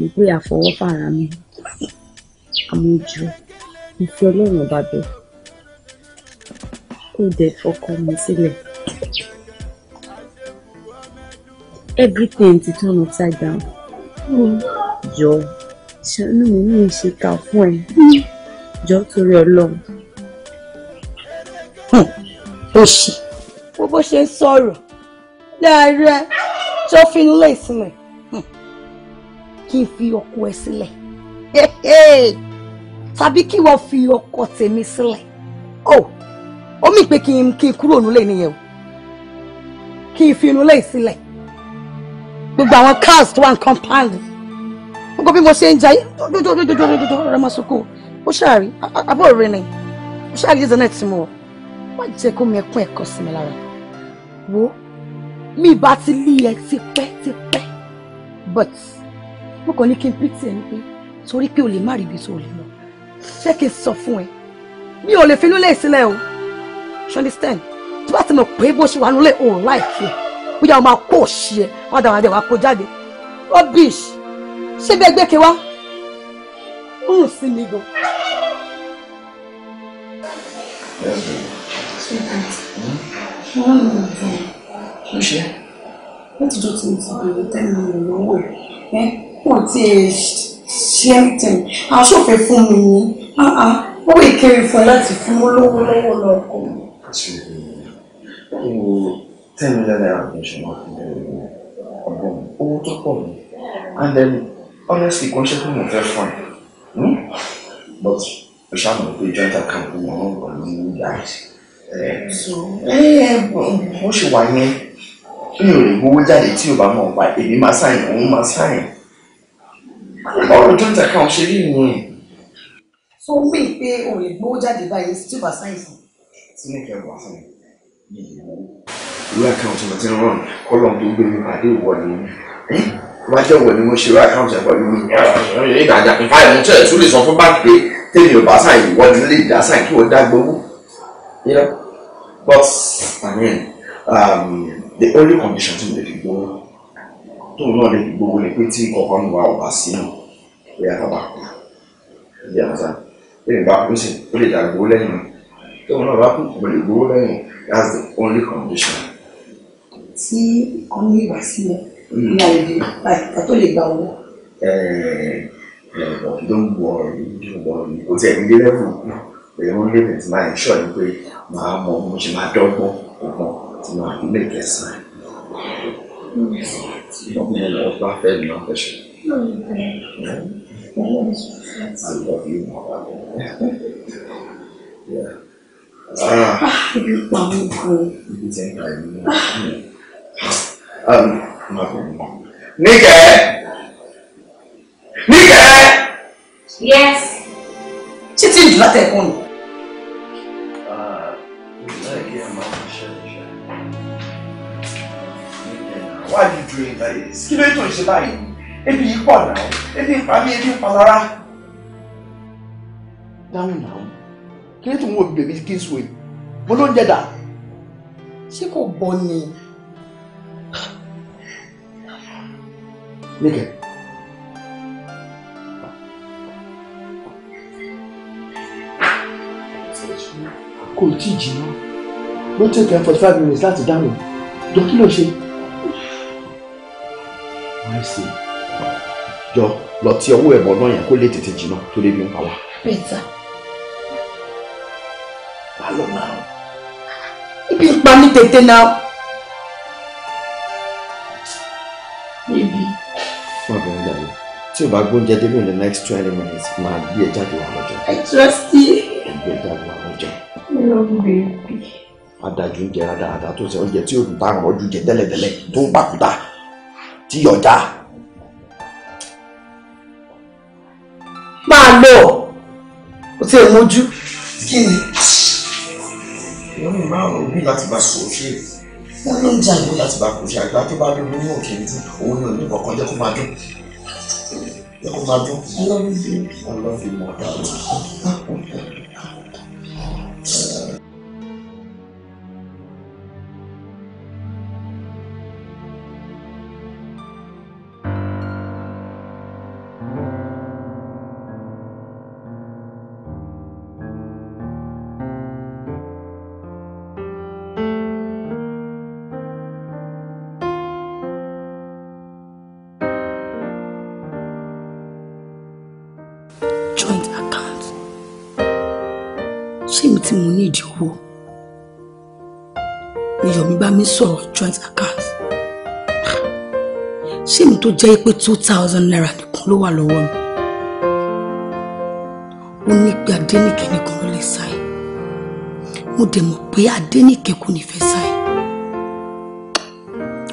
Speaker 2: everything to turn upside down. Mm jọ ìṣàánú mi ní ìṣèkà fún ẹ jọ torí Ọlọ́run. ó ṣì. wo bó ṣe ń sọ̀rọ̀ láàárẹ̀ tó fi ń lé ìsinmi kí n fi ọkọ ẹ sílẹ̀ tàbí kí wọ́n fi ọkọ tèmi sílẹ̀ ó omi pé kí n kúrò nílé nìyẹn o kí n fi inú lé sílẹ̀ gbogbo àwọn cars tó wà ní compound nǹkan bí mo ṣe ń jayé dódódódódódódó ọ̀rọ̀ máa sunkún ó ṣàárí àbọ̀ rẹ ni ó ṣàárí jésù náà ti mọ̀ ọ́ má jẹ́ kó mi ẹkún ẹ̀kọ́ sí mi lára wo mi bá ti lé ẹ tipẹ́ tipẹ́ but mo kàn ní kí n pìtì ẹ ní pé torí pé o lè má rí ibi tó o lè lọ ṣé kí n sọ fún ẹ mi ò lè fi lólè sílẹ̀ o you understand tí bá ti mọ̀ pé bó ṣe wà nílé òun láìpẹ́ bóyá o máa kó òṣì ẹ wọ́n adé wàá kó jáde rubbish ṣé bẹ́ẹ̀ gbé kewá ó ń sí mi gan. mo ṣe nítorí tí mo ti bèrè tẹ́lẹ̀ mi lọ́wọ́ ẹ̀ pọ̀ tí ẹ ṣe ń tẹ̀ aṣọ òfin fún mi ni ah, ah, ó wè kéré fún ẹ láti fún olówó lọ́wọ́ lọ́kọ̀.
Speaker 1: ten million naira kì í ṣe máa fi bẹ̀rẹ̀ ọgbọ́n owó tó pọ̀ ní and then honestly kò ń ṣe pé mo fẹ́ fún ẹ hmm? but o ṣáà mọ̀ pé joint account mi ò ń wọ̀ ní yàrá bó ṣe wà yẹn mi ò lè gbowó jáde tí o bá mọ̀ pa èmi máa sáyìn òun máa sáyìn ọ̀rọ̀ joint account ṣe rí nìyẹn.
Speaker 2: so wí pé o lè gbowó jáde báyìí tí o bá sáyìn fún. sílẹ̀kẹ̀ wà fún mi
Speaker 1: ìlú àkáǹtì mi ti ń rọrùn kọ́lọ́ọ̀dù gbé mi pàdé ìwọ nìyẹn wọ́n máa jẹ́ òun ni mo ṣe wá àkáǹtì ẹ̀ pẹ̀lú ìdájà ìfà ìmúṣẹ́ ẹ̀ tún lè sọ fún báńkì pé tèmi ò bá sàn yìí wọ́n lè dá sàn kí wọ́n dá gbowó you know but I mean um, the only condition tí mo lè fi gbowó tó náà lè fi gbowó ni pé tí kọ̀ọ̀kan mi wà ọ̀bà sí náà ó yà bàbá kù bí a sá tèmi bá kú sí ó lè dá gbowó lẹ́yìn tóun náà bá kú kò lè gbowó lẹ́yìn that's the only condition.
Speaker 2: tí ọmọ yìí wá sílẹ̀ ní mm. àìdí ká tó lè gba owó.
Speaker 1: don't worry don't worry o ti ẹ̀mí lélẹ́kùn èyí wọ́n lé tẹ̀sí máa ń ṣọ́ ni pé màá mọ mo ṣe máa dọ́gbọ́n ọgbọ́n tí màá fi lè kẹsàn-án. ọkùnrin ẹ̀ Níkẹ́.
Speaker 2: Níkẹ́. Yes. Ṣé tí ìdùnnà tẹ̀ kún ni?
Speaker 1: Why are you doing like this? Kí ló yẹ me ń ṣe báyìí? Ebi yìí pọ̀ náà. Ebi ń pa mí, ebi ń pa lára. Dáhùn give Kí ló yẹ tó ń wo bèbí kí n sùn?
Speaker 2: Mo ló ń jẹ Look at kò
Speaker 1: tí ì jìnnà ló tẹ̀kẹ́ forty five minutes láti dáhùn jọ kí ló ṣe. wọ́n á ṣe jọ lọ ti ọwọ́ ẹ̀bọ̀n náà yẹn kó lè tètè jìnnà tó lè bí ń pa wá.
Speaker 2: bẹ́ẹ̀ta. wà á lọ náà. ibi ìpa ní tètè náà.
Speaker 1: tí o bá gbóúnjẹ dé in the next twenty minutes máa gbé ẹ e jáde wà lọ́jọ́. I trust you. ẹgbẹ́ e jáde wà lọ́jọ́.
Speaker 2: I love baby.
Speaker 1: adájú ń jẹ dáadáa tó ṣe oúnjẹ tí òkúta àwọn ọdún jẹ tẹ́lẹ̀tẹ́lẹ̀ tó ń pàkúta tí yọjá.
Speaker 2: máa lọ o ti mójú. kí ni
Speaker 1: ìyọ́nù márùn-ún bí láti bá sọ ṣe wọ́n ló ń jà ìwé láti bá kò ṣe àgbà tó bá dúró ní òkè ní òun ní òní ìbọ̀kan jẹ́ kó máa dún. I love you. I love you more.
Speaker 2: ṣé mi tí mo ní ìdí owó ni Yomi bá mi sọ̀rọ̀ joint account ṣé mi tó jẹ́ pé two thousand naira nìkan ló wà lọ́wọ́ mi ó ní pé Adénìkẹ́ nìkan ló lè sáyé mo dẹ̀ mọ̀ pé Adénìkẹ́ kò ní fẹ́ sáyé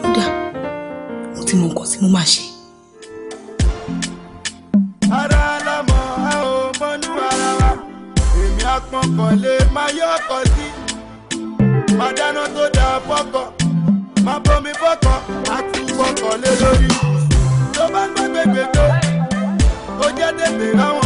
Speaker 4: ó dà mo ti mọ nǹkan tí mo máa ṣe. kọ̀lé máa yọ ọkọ̀ sí. Máa dáná tó dáa fọ́kọ̀, máa bomi fọ́kọ̀, àtúwọ̀kọ̀ lé lórí. Tó bá ń gbàgbé gbègbè, ó jẹ́ tètè ráwọn.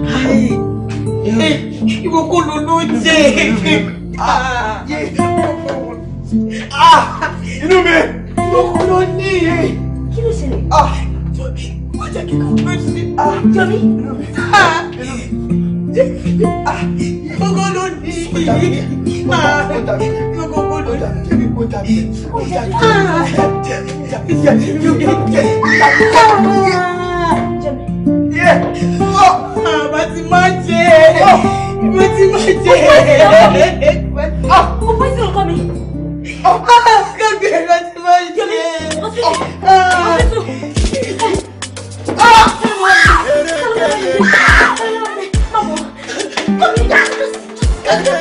Speaker 4: Ah, Ah, ah. Ah, Ah, me. ìwọ kò lò ló jẹ inú mi ìwọ kò lò ní iye. kí ló ṣẹlẹ̀. jọ̀bí wọ́n jẹ́ kí n lọ sí. jọ̀bí. ìwọ kò lò ní iye. ìwọ kò lò ní iye. Yeah. Oh ti máa jẹ ìwé ti máa jẹ. mo bọ́ sí ọkọ mi. kẹ́kẹ́ ìwé ti máa jẹ. Eré kẹ́kẹ́.